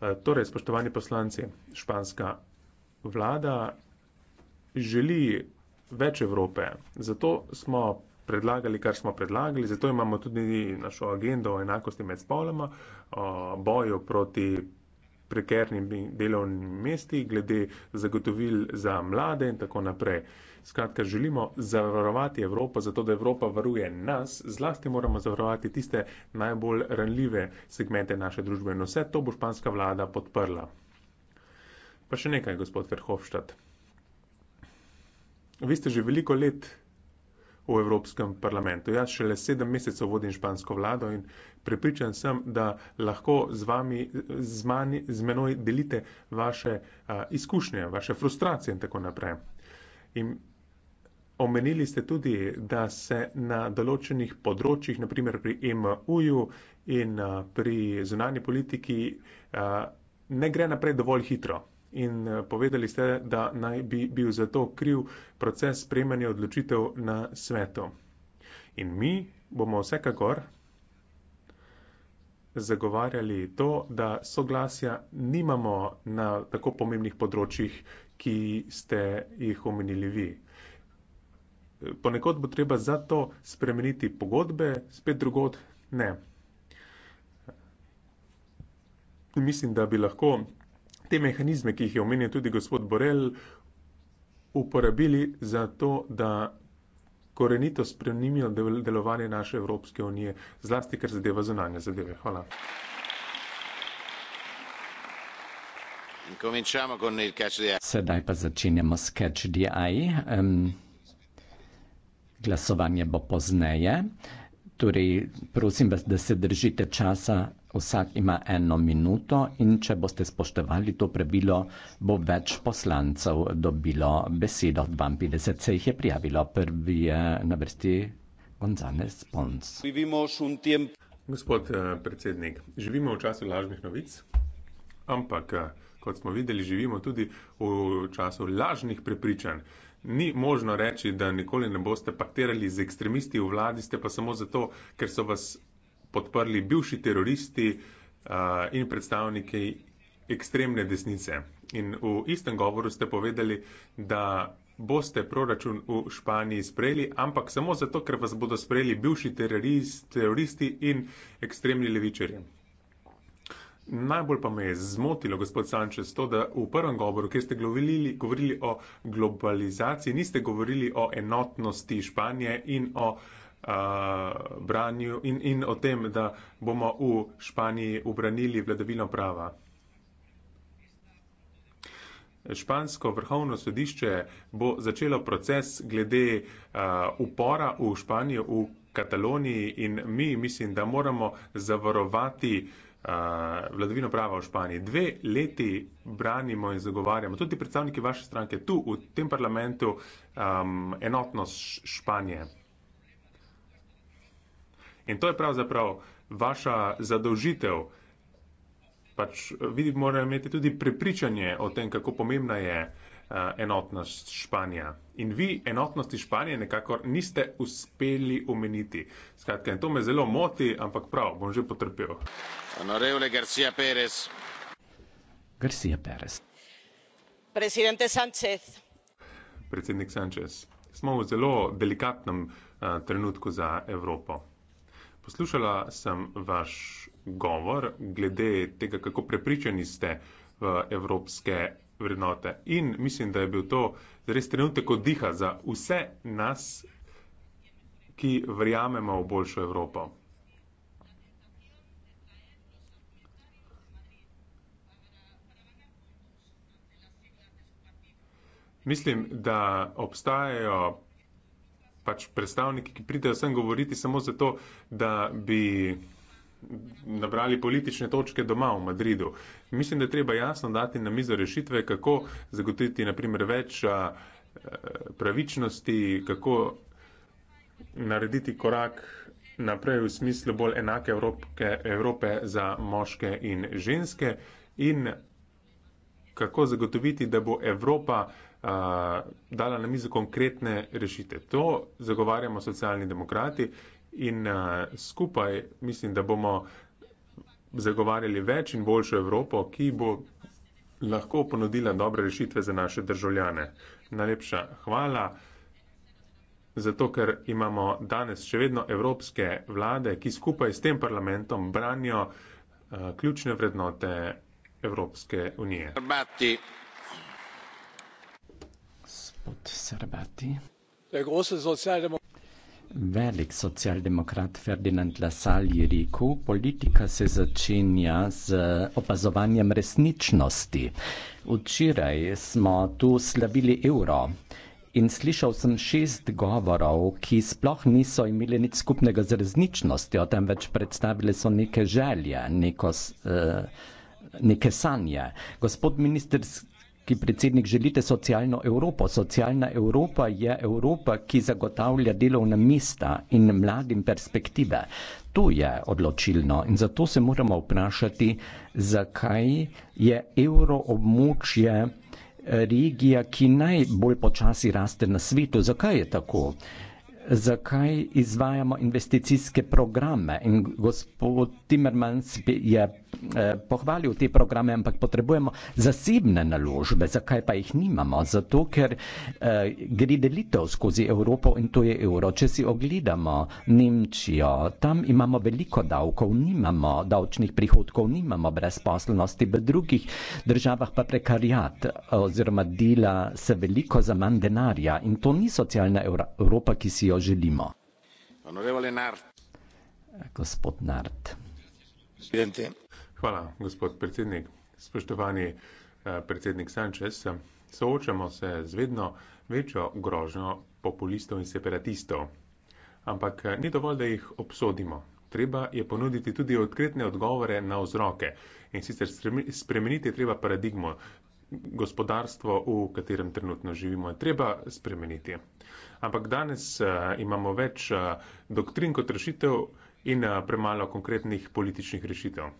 Speaker 3: E, torej, spoštovani poslanci, španska vlada želi več Evrope. Zato smo predlagali, kar smo predlagali, zato imamo tudi našo agendo o enakosti med spoloma, o boju proti prekernimi delovnimi mesti, glede zagotovil za mlade in tako naprej. Skratka, želimo zavarovati Evropo, zato da Evropa varuje nas, zlasti moramo zavarovati tiste najbolj ranljive segmente naše družbe in vse to bo španska vlada podprla. Pa še nekaj, gospod Verhofstadt. Vi ste že veliko let v Evropskem parlamentu. Jaz šele sedem mesecev vodim špansko vlado in prepričan sem, da lahko z vami, z, mani, z menoj delite vaše uh, izkušnje, vaše frustracije in tako naprej. In omenili ste tudi, da se na določenih področjih, naprimer pri MU-ju in uh, pri zunanji politiki, uh, ne gre naprej dovolj hitro in eh, povedali ste, da naj bi bil za to kriv proces spremanja odločitev na svetu. In mi bomo vsekakor zagovarjali to, da soglasja nimamo na tako pomembnih področjih, ki ste jih omenili vi. Ponekod bo treba za to spremeniti pogodbe, spet drugod ne. Mislim, da bi lahko te mehanizme, ki jih je omenil tudi gospod Borel, uporabili za to, da korenito spremenijo delovanje naše Evropske unije, zlasti kar zadeva zunanje zadeve. Hvala.
Speaker 2: Sedaj pa začenjamo s Catch the Eye. Um, glasovanje bo pozneje. Torej, prosim vas, da se držite časa Vsak ima eno minuto in če boste spoštovali to pravilo, bo več poslancev dobilo besedo. 52 se jih je prijavilo. Prvi je na vrsti Gonzales Pons.
Speaker 3: Gospod eh, predsednik, živimo v času lažnih novic, ampak eh, kot smo videli, živimo tudi v času lažnih prepričanj. Ni možno reči, da nikoli ne boste pakterali z ekstremisti v vladi, ste pa samo zato, ker so vas podprli bivši teroristi uh, in predstavniki ekstremne desnice. In v istem govoru ste povedali, da boste proračun v Španiji sprejeli, ampak samo zato, ker vas bodo sprejeli bivši terorist, teroristi in ekstremni levičarji. Najbolj pa me je zmotilo, gospod Sančez, to, da v prvem govoru, kjer ste govorili, govorili o globalizaciji, niste govorili o enotnosti Španije in o uh, uh, branju in, in o tem, da bomo v Španiji obranili vladavino prava. Špansko vrhovno sodišče bo začelo proces glede uh, upora v Španijo, v Kataloniji in mi mislim, da moramo zavarovati uh, vladavino prava v Španiji. Dve leti branimo in zagovarjamo, tudi predstavniki vaše stranke tu v tem parlamentu, um, enotnost Španije. In to je pravzaprav vaša zadolžitev. Pač eh, vidim, morajo imeti tudi prepričanje o tem, kako pomembna je uh, enotnost Španija. In vi enotnosti Španije nekako niste uspeli omeniti. Skratka, in to me zelo moti, ampak prav, bom že potrpel. Honorevole Garcia Perez. Garcia Perez.
Speaker 1: Presidente Sanchez.
Speaker 3: Predsednik Sanchez, smo v zelo delikatnem uh, trenutku za Evropo. Poslušala sem vaš govor glede tega, kako prepričani ste v evropske vrednote. In mislim, da je bil to res trenutek oddiha za vse nas, ki verjamemo v boljšo Evropo. Mislim, da obstajajo pač predstavniki, ki pridejo sem govoriti samo zato, da bi nabrali politične točke doma v Madridu. Mislim, da je treba jasno dati na mizo rešitve, kako zagotoviti naprimer več eh, pravičnosti, kako narediti korak naprej v smislu bolj enake Evropke, Evrope za moške in ženske in kako zagotoviti, da bo Evropa uh, uh, dala na mizo konkretne rešite. To zagovarjamo socialni demokrati in uh, skupaj mislim, da bomo zagovarjali več in boljšo Evropo, ki bo lahko ponudila dobre rešitve za naše državljane. Najlepša hvala. Zato, ker imamo danes še vedno evropske vlade, ki skupaj s tem parlamentom branijo uh, ključne vrednote Evropske unije. Hrbati
Speaker 2: gospod Srbati. Velik socialdemokrat Ferdinand Lasal je rekel, politika se začenja z opazovanjem resničnosti. Včeraj smo tu slavili evro in slišal sem šest govorov, ki sploh niso imeli nič skupnega z resničnostjo, temveč predstavili so neke želje, neko, eh, neke sanje. Gospod ministrski ki predsednik želite socialno Evropo. Socialna Evropa je Evropa, ki zagotavlja delovna mesta in mladim perspektive. To je odločilno in zato se moramo vprašati, zakaj je evroobmočje eh, regija, ki najbolj počasi raste na svetu. Zakaj je tako? Zakaj izvajamo investicijske programe? In gospod Timmermans je Eh, pohvalil te programe, ampak potrebujemo zasebne naložbe. Zakaj pa jih nimamo? Zato, ker eh, gre delitev skozi Evropo in to je evro. Če si ogledamo Nemčijo, tam imamo veliko davkov, nimamo davčnih prihodkov, nimamo brezposlenosti, v drugih državah pa prekarjat oziroma dela se veliko za manj denarja in to ni socialna Evropa, ki si jo želimo. Gospod Nart.
Speaker 3: Presidente. Hvala, gospod predsednik. Spoštovani eh, predsednik Sančes, eh, soočamo se z vedno večjo grožnjo populistov in separatistov. Ampak eh, ni dovolj, da jih obsodimo. Treba je ponuditi tudi odkritne odgovore na vzroke in sicer spremeniti treba paradigmo gospodarstvo, v katerem trenutno živimo, je treba spremeniti. Ampak danes uh, imamo več uh, doktrin kot rešitev in uh, premalo konkretnih političnih rešitev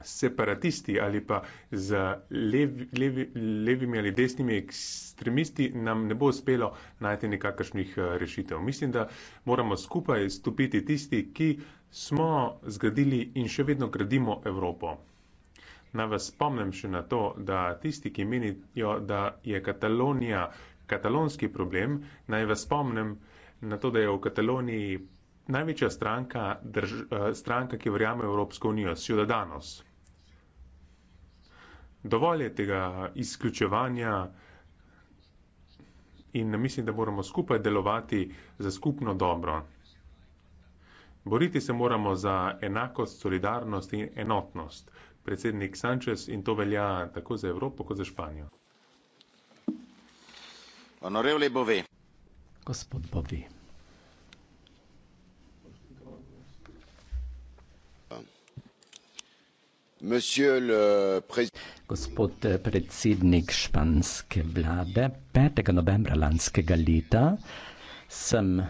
Speaker 3: separatisti ali pa z levi, levi, levimi ali desnimi ekstremisti nam ne bo uspelo najti nekakršnih eh, rešitev. Mislim, da moramo skupaj stopiti tisti, ki smo zgradili in še vedno gradimo Evropo. Naj vas spomnim še na to, da tisti, ki menijo, da je Katalonija katalonski problem, naj vas spomnim na to, da je v Kataloniji največja stranka, drž, eh, stranka ki verjame v Evropsko unijo, Ciudadanos dovolj je tega izključevanja in mislim, da moramo skupaj delovati za skupno dobro. Boriti se moramo za enakost, solidarnost in enotnost. Predsednik Sanchez in to velja tako za Evropo kot za Španijo.
Speaker 2: Honorevli Bovi. Gospod Bovi. Gospod eh, predsednik španske vlade, 5. novembra lanskega leta sem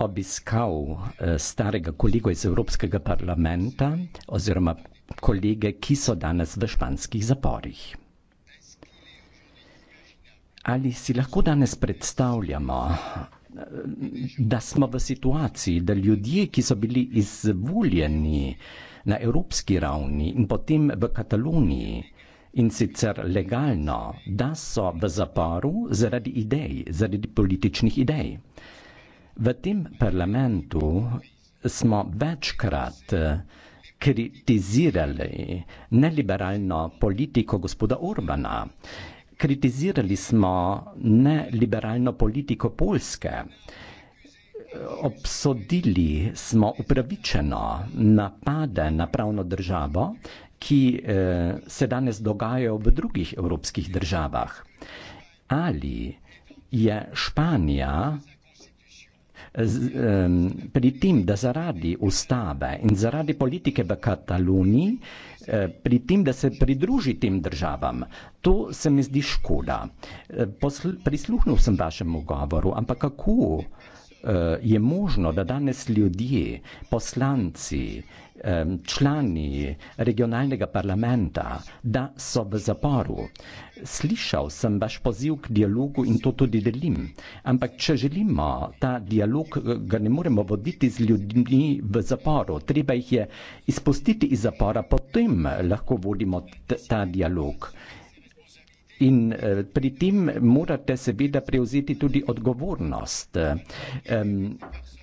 Speaker 2: obiskal eh, starega kolega iz Evropskega parlamenta oziroma kolege, ki so danes v španskih zaporih. Ali si lahko danes predstavljamo, eh, da smo v situaciji, da ljudje, ki so bili izvoljeni, na evropski ravni in potem v Kataloniji. In sicer legalno, da so v zaporu zaradi idej, zaradi političnih idej. V tem parlamentu smo večkrat eh, kritizirali neliberalno politiko gospoda Orbana, kritizirali smo neliberalno politiko Polske obsodili smo upravičeno napade na pravno državo, ki eh, se danes dogajajo v drugih evropskih državah. Ali je Španija pri tem, da zaradi ustave in zaradi politike v Kataluniji, eh, pri tem, da se pridruži tem državam, to se mi zdi škoda. Eh, prisluhnil sem vašemu govoru, ampak kako? Eh, je možno, da danes ljudje, poslanci, člani regionalnega parlamenta, da so v zaporu. Slišal sem vaš poziv k dialogu in to tudi delim. Ampak, če želimo ta dialog, eh, ga ne moremo voditi z ljudmi v zaporu. Treba jih je izpustiti iz zapora, potem lahko vodimo ta dialog. In eh, pri tem morate seveda prevzeti tudi odgovornost. Um,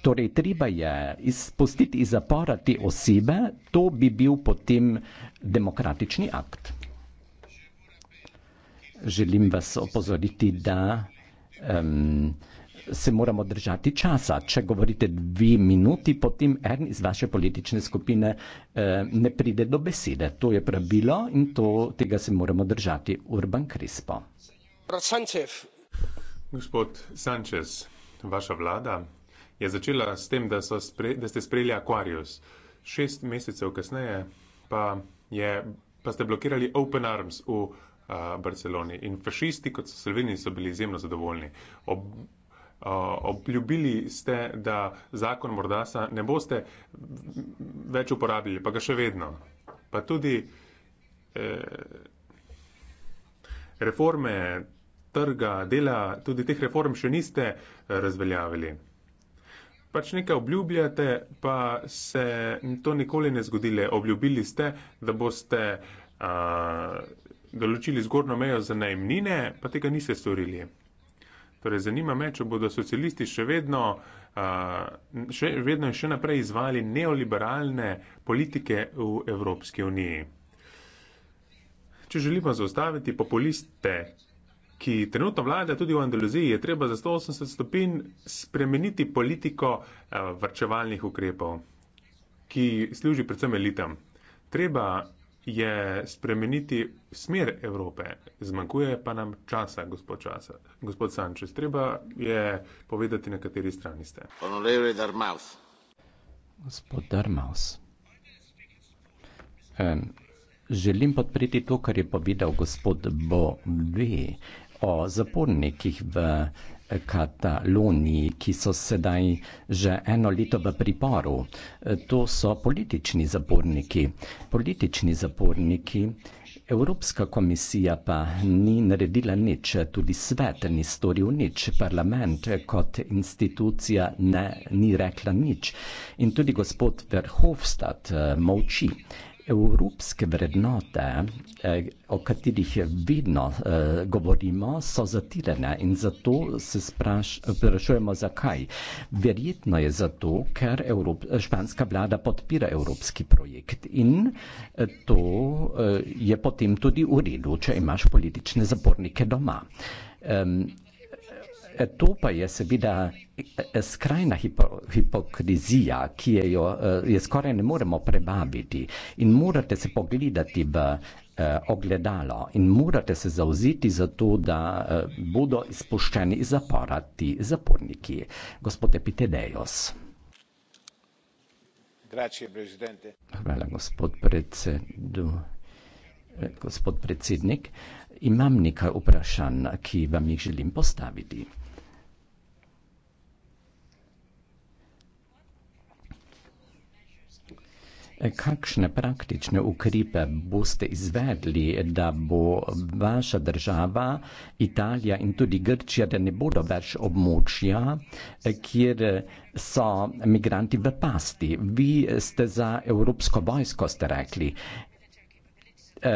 Speaker 2: torej, treba je izpustiti iz zapora te osebe, to bi bil potem demokratični akt. Želim vas opozoriti, da um, se moramo držati časa. Če govorite dve minuti, potem en iz vaše politične skupine eh, ne pride do besede. To je pravilo in to, tega se moramo držati. Urban Krispo.
Speaker 3: Gospod Sančez, vaša vlada je začela s tem, da, spre, da ste sprejeli Aquarius. Šest mesecev kasneje pa, je, pa ste blokirali Open Arms v uh, Barceloni in fašisti kot so Salvini so bili izjemno zadovoljni. Ob, Eh, obljubili ste, da zakon Mordasa ne boste več uporabili, pa ga še vedno. Pa tudi eh, reforme trga, dela, tudi teh reform še niste eh, razveljavili. Pač nekaj obljubljate, pa se to nikoli ne zgodile. Obljubili ste, da boste eh, določili zgornjo mejo za najmnine, pa tega niste storili. Torej, zanima me, če bodo socialisti še vedno, uh, še vedno in še naprej izvali neoliberalne politike v Evropski uniji. Če želimo zaustaviti populiste, ki trenutno vlada tudi v Andaluziji, je treba za 180 stopinj spremeniti politiko uh, vrčevalnih ukrepov, ki služi predvsem elitam. Treba je spremeniti smer Evrope. Zmanjkuje pa nam časa, gospod, časa. gospod Sančes. Treba je povedati, na kateri strani ste. Honorary Darmaus.
Speaker 2: Gospod Darmaus. Um, želim podpreti to, kar je povedal gospod Bo V. o zapornikih v Kataloniji, ki so sedaj že eno leto v priporu. To so politični zaporniki. Politični zaporniki. Evropska komisija pa ni naredila nič, tudi svet ni storil nič, parlament kot institucija ne, ni rekla nič. In tudi gospod Verhofstadt eh, molči evropske vrednote, eh, o katerih vedno eh, govorimo, so zatirane in zato se sprašujemo, zakaj. Verjetno je zato, ker Evrop, španska vlada podpira evropski projekt in eh, to eh, je potem tudi v redu, če imaš politične zapornike doma. Eh, E, to pa je seveda e, skrajna hipo, hipokrizija, ki je jo e, je skoraj ne moremo prebabiti. In morate se pogledati v eh, ogledalo in morate se zauziti za to, da eh, bodo izpuščeni iz zapora ti zaporniki. Gospod Epitedejos. Hvala, gospod predsednik. Gospod predsednik, imam nekaj vprašanj, ki vam jih želim postaviti. E, kakšne praktične ukrepe boste izvedli, da bo vaša država, Italija in tudi Grčija, da ne bodo več območja, e, kjer so migranti v pasti? Vi ste za Evropsko vojsko, ste rekli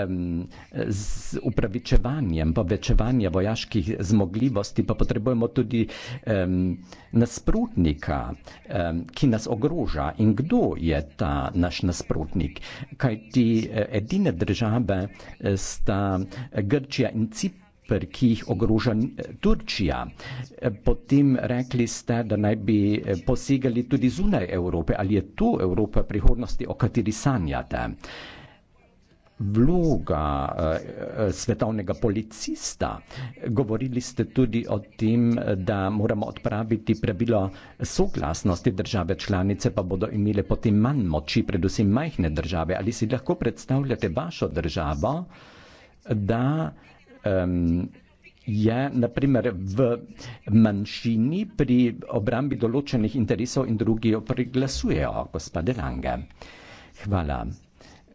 Speaker 2: um, z upravičevanjem povečevanja vojaških zmogljivosti, pa potrebujemo tudi um, nasprotnika, um, ki nas ogroža. In kdo je ta naš nasprotnik? Kaj ti e, edine države e, sta Grčija in Cip? ki jih ogroža e, Turčija. Potem rekli ste, da naj bi posegali tudi zunaj Evrope. Ali je to Evropa prihodnosti, o kateri sanjate? vloga eh, eh, svetovnega policista. Govorili ste tudi o tem, da moramo odpraviti pravilo soglasnosti države članice, pa bodo imele potem manj moči, predvsem majhne države. Ali si lahko predstavljate vašo državo, da um, je naprimer v manjšini pri obrambi določenih interesov in drugi jo priglasujejo, gospod Delange. Hvala.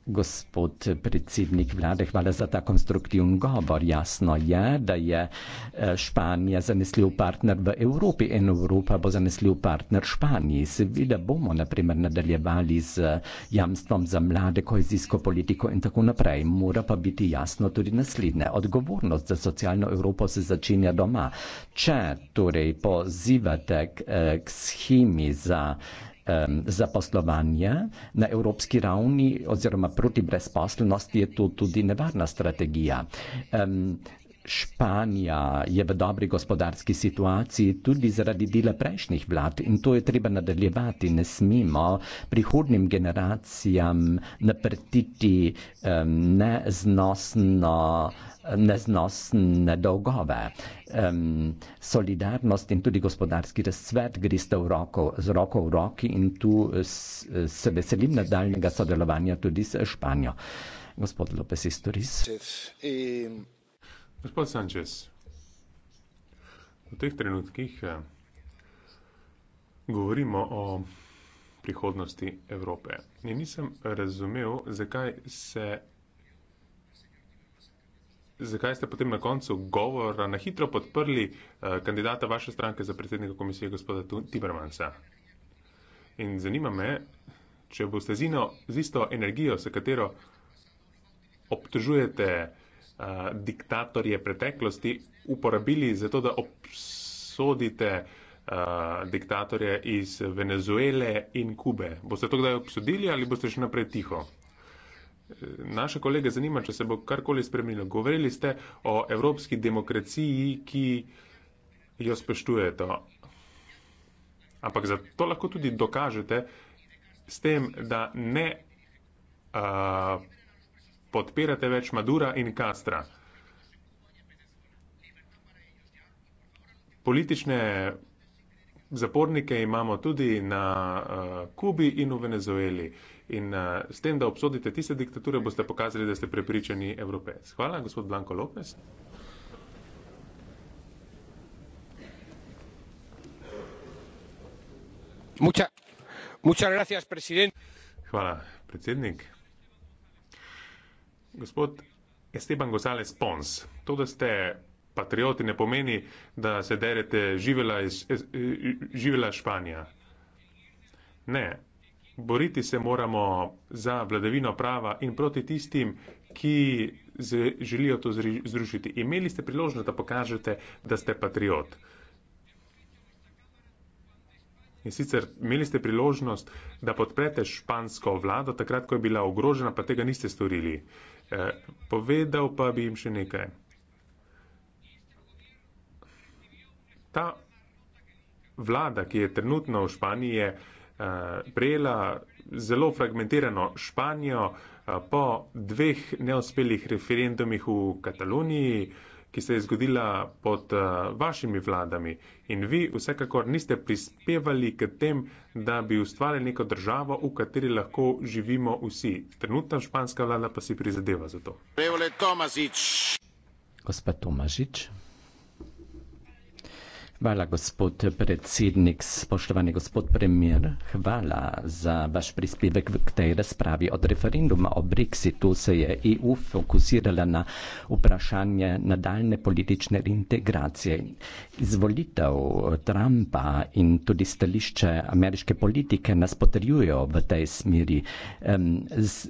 Speaker 2: Gospod predsednik vlade, hvala za ta konstruktivn govor. Jasno je, da je eh, Španija zanesljiv partner v Evropi in Evropa bo zanesljiv partner Španiji. Seveda bomo naprimer nadaljevali z eh, jamstvom za mlade, kohezijsko politiko in tako naprej. Mora pa biti jasno tudi naslednje. Odgovornost za socialno Evropo se začenja doma. Če torej pozivate k, eh, k schemi za zaposlovanje na evropski ravni oziroma proti brezposelnosti je to tudi nevarna strategija. Španija je v dobri gospodarski situaciji tudi zaradi dela prejšnjih vlad in to je treba nadaljevati. Ne smemo prihodnim generacijam naprtiti um, neznosno, neznosne dolgove. Um, solidarnost in tudi gospodarski razcvet grista z roko v roki in tu se veselim nadaljnega sodelovanja tudi s Španijo. Gospod Lopes Istoris.
Speaker 3: Gospod Sančes, v teh trenutkih eh, govorimo o prihodnosti Evrope. In nisem razumel, zakaj se. Zakaj ste potem na koncu govora na hitro podprli eh, kandidata vaše stranke za predsednika komisije, gospoda Timermansa? In zanima me, če boste z, ino, z isto energijo, s katero obtožujete diktatorje preteklosti uporabili za to, da obsodite uh, diktatorje iz Venezuele in Kube. Boste to kdaj obsodili ali boste še naprej tiho? Naša kolega zanima, če se bo karkoli spremenilo. Govorili ste o evropski demokraciji, ki jo spoštujete. Ampak za to lahko tudi dokažete s tem, da ne uh, podpirate več Madura in Castra. Politične zapornike imamo tudi na uh, Kubi in v Venezueli. In uh, s tem, da obsodite tiste diktature, boste pokazali, da ste prepričani evropejci. Hvala, gospod Blanko Lopes. Muča, muča gracias, Hvala, predsednik. Gospod Esteban Gosales Pons, to, da ste patrioti, ne pomeni, da se derete živela, iz, živela Španija. Ne, boriti se moramo za vladavino prava in proti tistim, ki z, želijo to zrušiti. Imeli ste priložnost, da pokažete, da ste patriot. In sicer imeli ste priložnost, da podprete špansko vlado, takrat, ko je bila ogrožena, pa tega niste storili. Uh, Eh, povedal pa bi jim še nekaj. Ta vlada, ki je trenutno v Španiji, je eh, prejela zelo fragmentirano Španijo eh, po dveh neuspelih referendumih v Kataloniji, ki se je zgodila pod uh, vašimi vladami in vi vsekakor niste prispevali k tem, da bi ustvarili neko državo, v kateri lahko živimo vsi. Trenutna španska vlada pa si prizadeva za to.
Speaker 2: Gospod Tomažič. Hvala, gospod predsednik. Spoštovani gospod premjer, hvala za vaš prispevek k tej razpravi. Od referenduma o Brexitu se je EU fokusirala na vprašanje nadaljne politične integracije. Izvolitev Trumpa in tudi stališče ameriške politike nas potrjujejo v tej smeri. Um, z,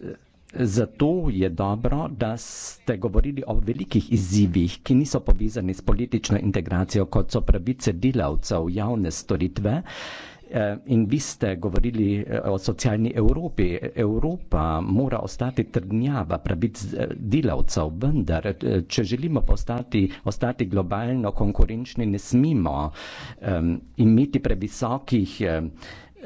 Speaker 2: Zato je dobro, da ste govorili o velikih izzivih, ki niso povezani s politično integracijo, kot so pravice delavcev javne storitve. Eh, in vi ste govorili eh, o socialni Evropi. Evropa mora ostati trdnjava pravic eh, delavcev, vendar, če želimo postati, ostati globalno konkurenčni, ne smemo um, imeti previsokih. Um,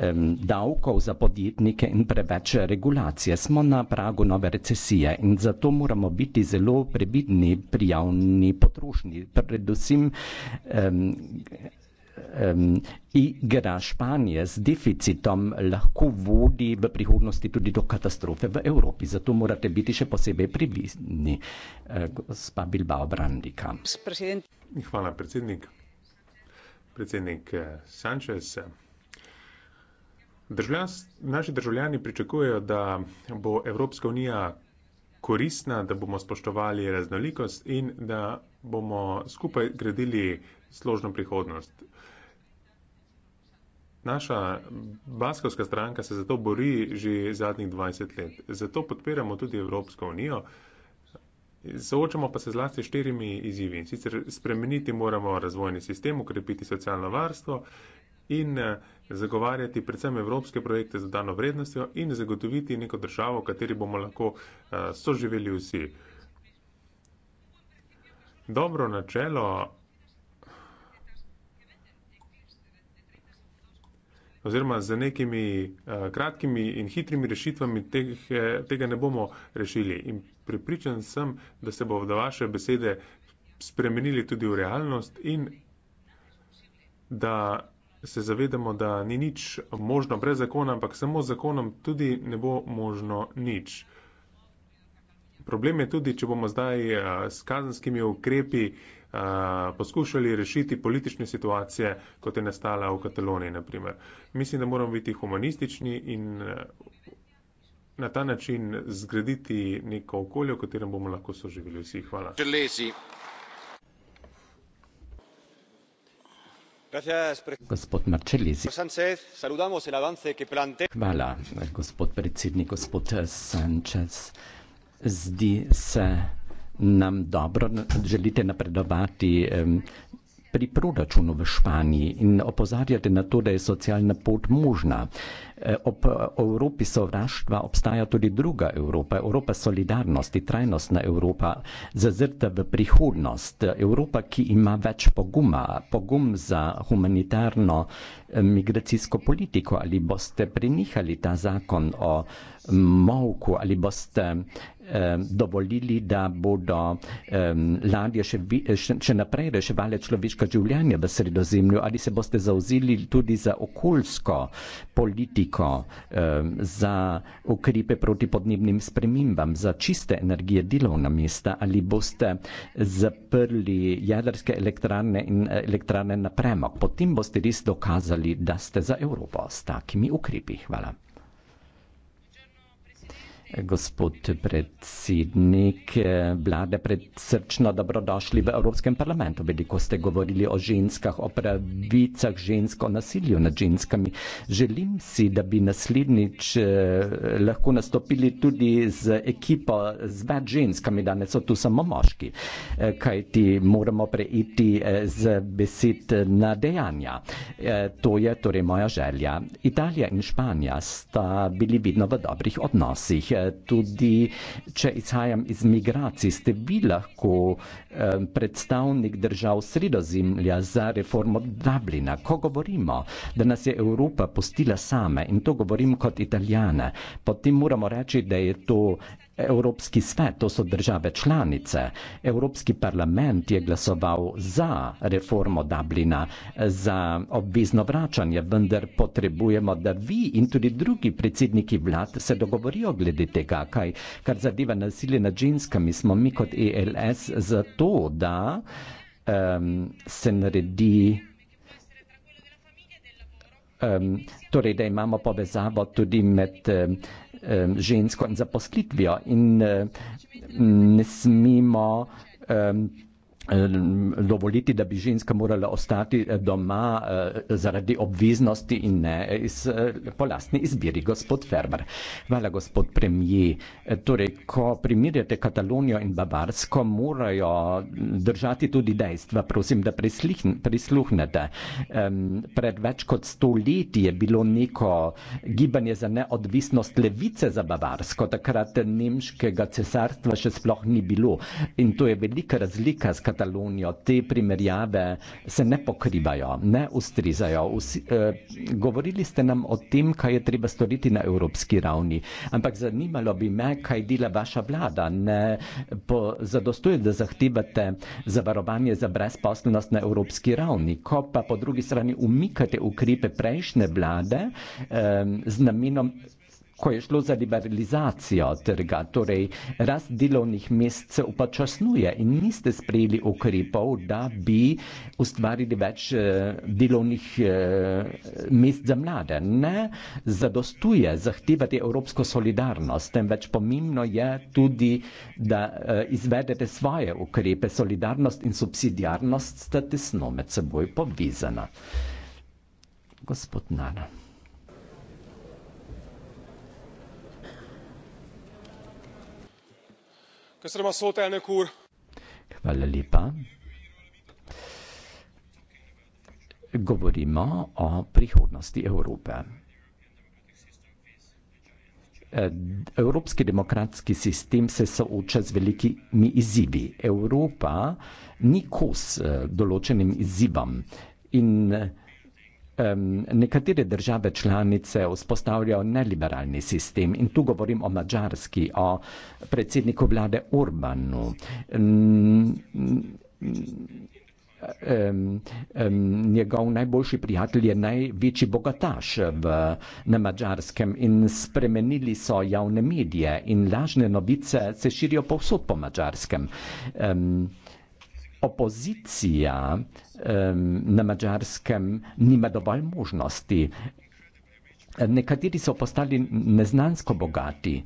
Speaker 2: um, davkov za podjetnike in preveč regulacije. Smo na pragu nove recesije in zato moramo biti zelo previdni pri javni potrošnji. Predvsem um, um, igra Španije z deficitom lahko vodi v prihodnosti tudi do katastrofe v Evropi. Zato morate biti še posebej previdni, eh, gospa uh, Bilbao Brandika.
Speaker 3: Hvala, predsednik. Predsednik eh, Sanchez. Državljans, naši državljani pričakujejo, da bo Evropska unija koristna, da bomo spoštovali raznolikost in da bomo skupaj gradili složno prihodnost. Naša baskovska stranka se zato bori že zadnjih 20 let. Zato podpiramo tudi Evropsko unijo. Soočamo pa se zlasti štirimi izzivi. Sicer spremeniti moramo razvojni sistem, ukrepiti socialno varstvo in eh, zagovarjati predvsem evropske projekte z dano vrednostjo in zagotoviti neko državo, v kateri bomo lahko eh, soživeli vsi. Dobro načelo oziroma za nekimi eh, kratkimi in hitrimi rešitvami tega ne bomo rešili in pripričan sem, da se bo v vaše besede spremenili tudi v realnost in da nekaj se zavedamo, da ni nič možno brez zakona, ampak samo z zakonom tudi ne bo možno nič. Problem je tudi, če bomo zdaj eh, s kazanskimi ukrepi eh, poskušali rešiti politične situacije, kot je nastala v Kataloniji, naprimer. Mislim, da moramo biti humanistični in eh, na ta način zgraditi neko okolje, v katerem bomo lahko soživili vsi. Hvala.
Speaker 2: gospod Marcellis. Hvala, gospod predsednik, gospod eh, Sanchez. Zdi se nam dobro, želite napredovati. Um, pri proračunu v Španiji in opozarjate na to, da je socialna pot možna. E, ob Evropi sovraštva obstaja tudi druga Evropa, Evropa solidarnosti, trajnostna Evropa, zazrta v prihodnost, Evropa, ki ima več poguma, pogum za humanitarno e, migracijsko politiko. Ali boste prenihali ta zakon o molku ali boste eh, dovolili, da bodo eh, ladje še, vi, še, še naprej reševali človeška življenja v sredozemlju, ali se boste zauzeli tudi za okoljsko politiko, eh, za ukrepe proti podnebnim spremembam, za čiste energije delovna mesta, ali boste zaprli jedrske elektrane in eh, elektrane na premok. Potem boste res dokazali, da ste za Evropo s takimi ukrepi. Hvala. Gospod predsednik vlade, predsrčno dobrodošli v Evropskem parlamentu. Veliko ste govorili o ženskah, o pravicah žensk, o nasilju nad ženskami. Želim si, da bi naslednjič eh, lahko nastopili tudi z ekipo z več ženskami, danes so tu samo moški, eh, kajti moramo preiti eh, z besed na dejanja. To je torej moja želja. Italija in Španija sta bili vidno v dobrih odnosih tudi če izhajam iz migracij, ste vi lahko eh, predstavnik držav sredozemlja za reformo Dublina. Ko govorimo, da nas je Evropa pustila same in to govorim kot italijane, potem moramo reči, da je to Evropski svet, to so države članice. Evropski parlament je glasoval za reformo Dublina, za obvezno vračanje, vendar potrebujemo, da vi in tudi drugi predsedniki vlad se dogovorijo glede tega, kaj kar zadeva nasilje nad ženskami, smo mi kot ELS za to, da um, se naredi. Um, torej, da imamo povezavo tudi med um, žensko in zaposlitvijo in ne smemo Eh, dovoliti, da bi ženska morala ostati eh, doma eh, zaradi obveznosti in ne iz, po lastni izbiri, gospod Ferber. Hvala, gospod premijer. Torej, ko primirjate Katalonijo in Bavarsko, morajo držati tudi dejstva. Prosim, da prisluhnete. Pred več kot stoletji je bilo neko gibanje za neodvisnost levice za Bavarsko, takrat nemškega cesarstva še sploh ni bilo. In to je velika razlika z Katalonijo. Katalonijo, te primerjave se ne pokrivajo, ne ustrizajo. Vsi, eh, govorili ste nam o tem, kaj je treba storiti na evropski ravni, ampak zanimalo bi me, kaj dela vaša vlada. Ne zadostuje, da zahtevate zavarovanje za brezposlenost na evropski ravni, ko pa po drugi strani umikate ukrepe prejšnje vlade eh, z namenom ko je šlo za liberalizacijo trga, torej rast delovnih mest se upočasnuje in niste sprejeli ukrepov, da bi ustvarili več eh, delovnih eh, mest za mlade. Ne zadostuje zahtevati evropsko solidarnost, temveč pomembno je tudi, da eh, izvedete svoje ukrepe. Solidarnost in subsidijarnost sta tesno med seboj povezana. Gospod Nana.
Speaker 3: Köszönöm a szót, elnök úr!
Speaker 2: Hvala lepa. Govorimo o prihodnosti Evrope. E, evropski demokratski sistem se sooča z velikimi izzivi. Evropa ni kos e, določenim izzivam in um, nekatere države članice vzpostavljajo neliberalni sistem in tu govorim o mađarski, o predsedniku vlade Urbanu. Um, Um, um, njegov najboljši prijatelj je največji bogataš v, na mačarskem in spremenili so javne medije in lažne novice se širijo povsod po mačarskem. Um, opozicija um, na mačarskem nima dovolj možnosti. Nekateri so postali neznansko bogati,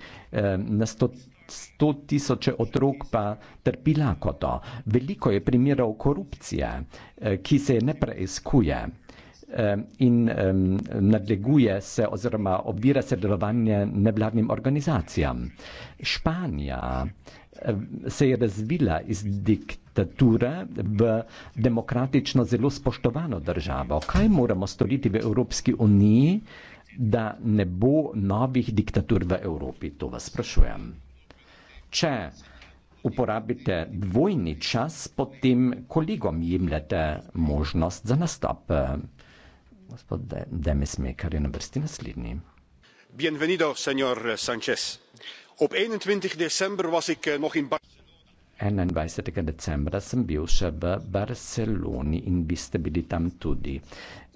Speaker 2: na sto, sto tisoče otrok pa trpi lakoto. Veliko je primerov korupcije, eh, ki se ne preizkuje in nadleguje se oziroma obvira se delovanje nevladnim organizacijam. Španija se je razvila iz diktatorja diktature v demokratično zelo spoštovano državo. Kaj moramo storiti v Evropski uniji, da ne bo novih diktatur v Evropi? To vas sprašujem. Če uporabite dvojni čas, potem kolegom jemljete možnost za nastop. Gospod Demis Mekar je na vrsti naslednji.
Speaker 3: Bienvenido,
Speaker 1: senor Sanchez. Ob 21. decembru vas je nog in bar.
Speaker 2: 21. decembra sem bil še v Barceloni in vi ste bili tam tudi.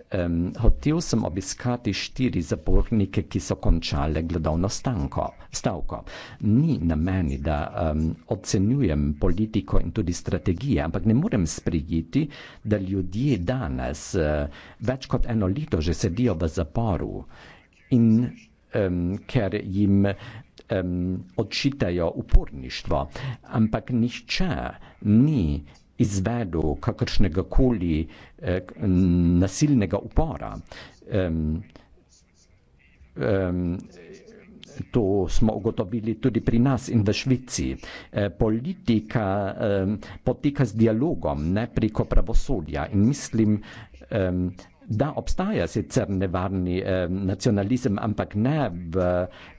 Speaker 2: Um, hotel sem obiskati štiri zapornike, ki so končale gledovno stanko, stavko. Ni na meni, da um, ocenjujem politiko in tudi strategije, ampak ne morem sprijeti, da ljudje danes uh, več kot eno leto že sedijo v zaporu in um, ker jim um, odčitajo uporništvo, ampak nihče ni izvedel kakršnega koli eh, nasilnega upora. Um, um, To smo ugotovili tudi pri nas in v Švici. Eh, politika poteka z dialogom, ne preko pravosodja in mislim, da obstaja sicer nevarni eh, nacionalizem, ampak ne v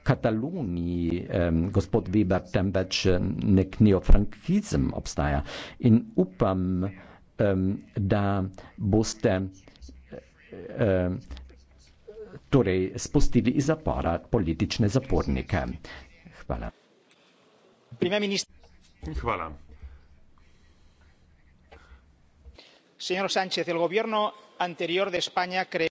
Speaker 2: Kataloniji, eh, gospod Weber, temveč nek neofrankizem obstaja. In upam, eh, da boste eh, torej spustili iz zapora politične zapornike. Hvala.
Speaker 3: Hvala.
Speaker 1: Señor Sánchez, el gobierno
Speaker 2: anterior de españa creó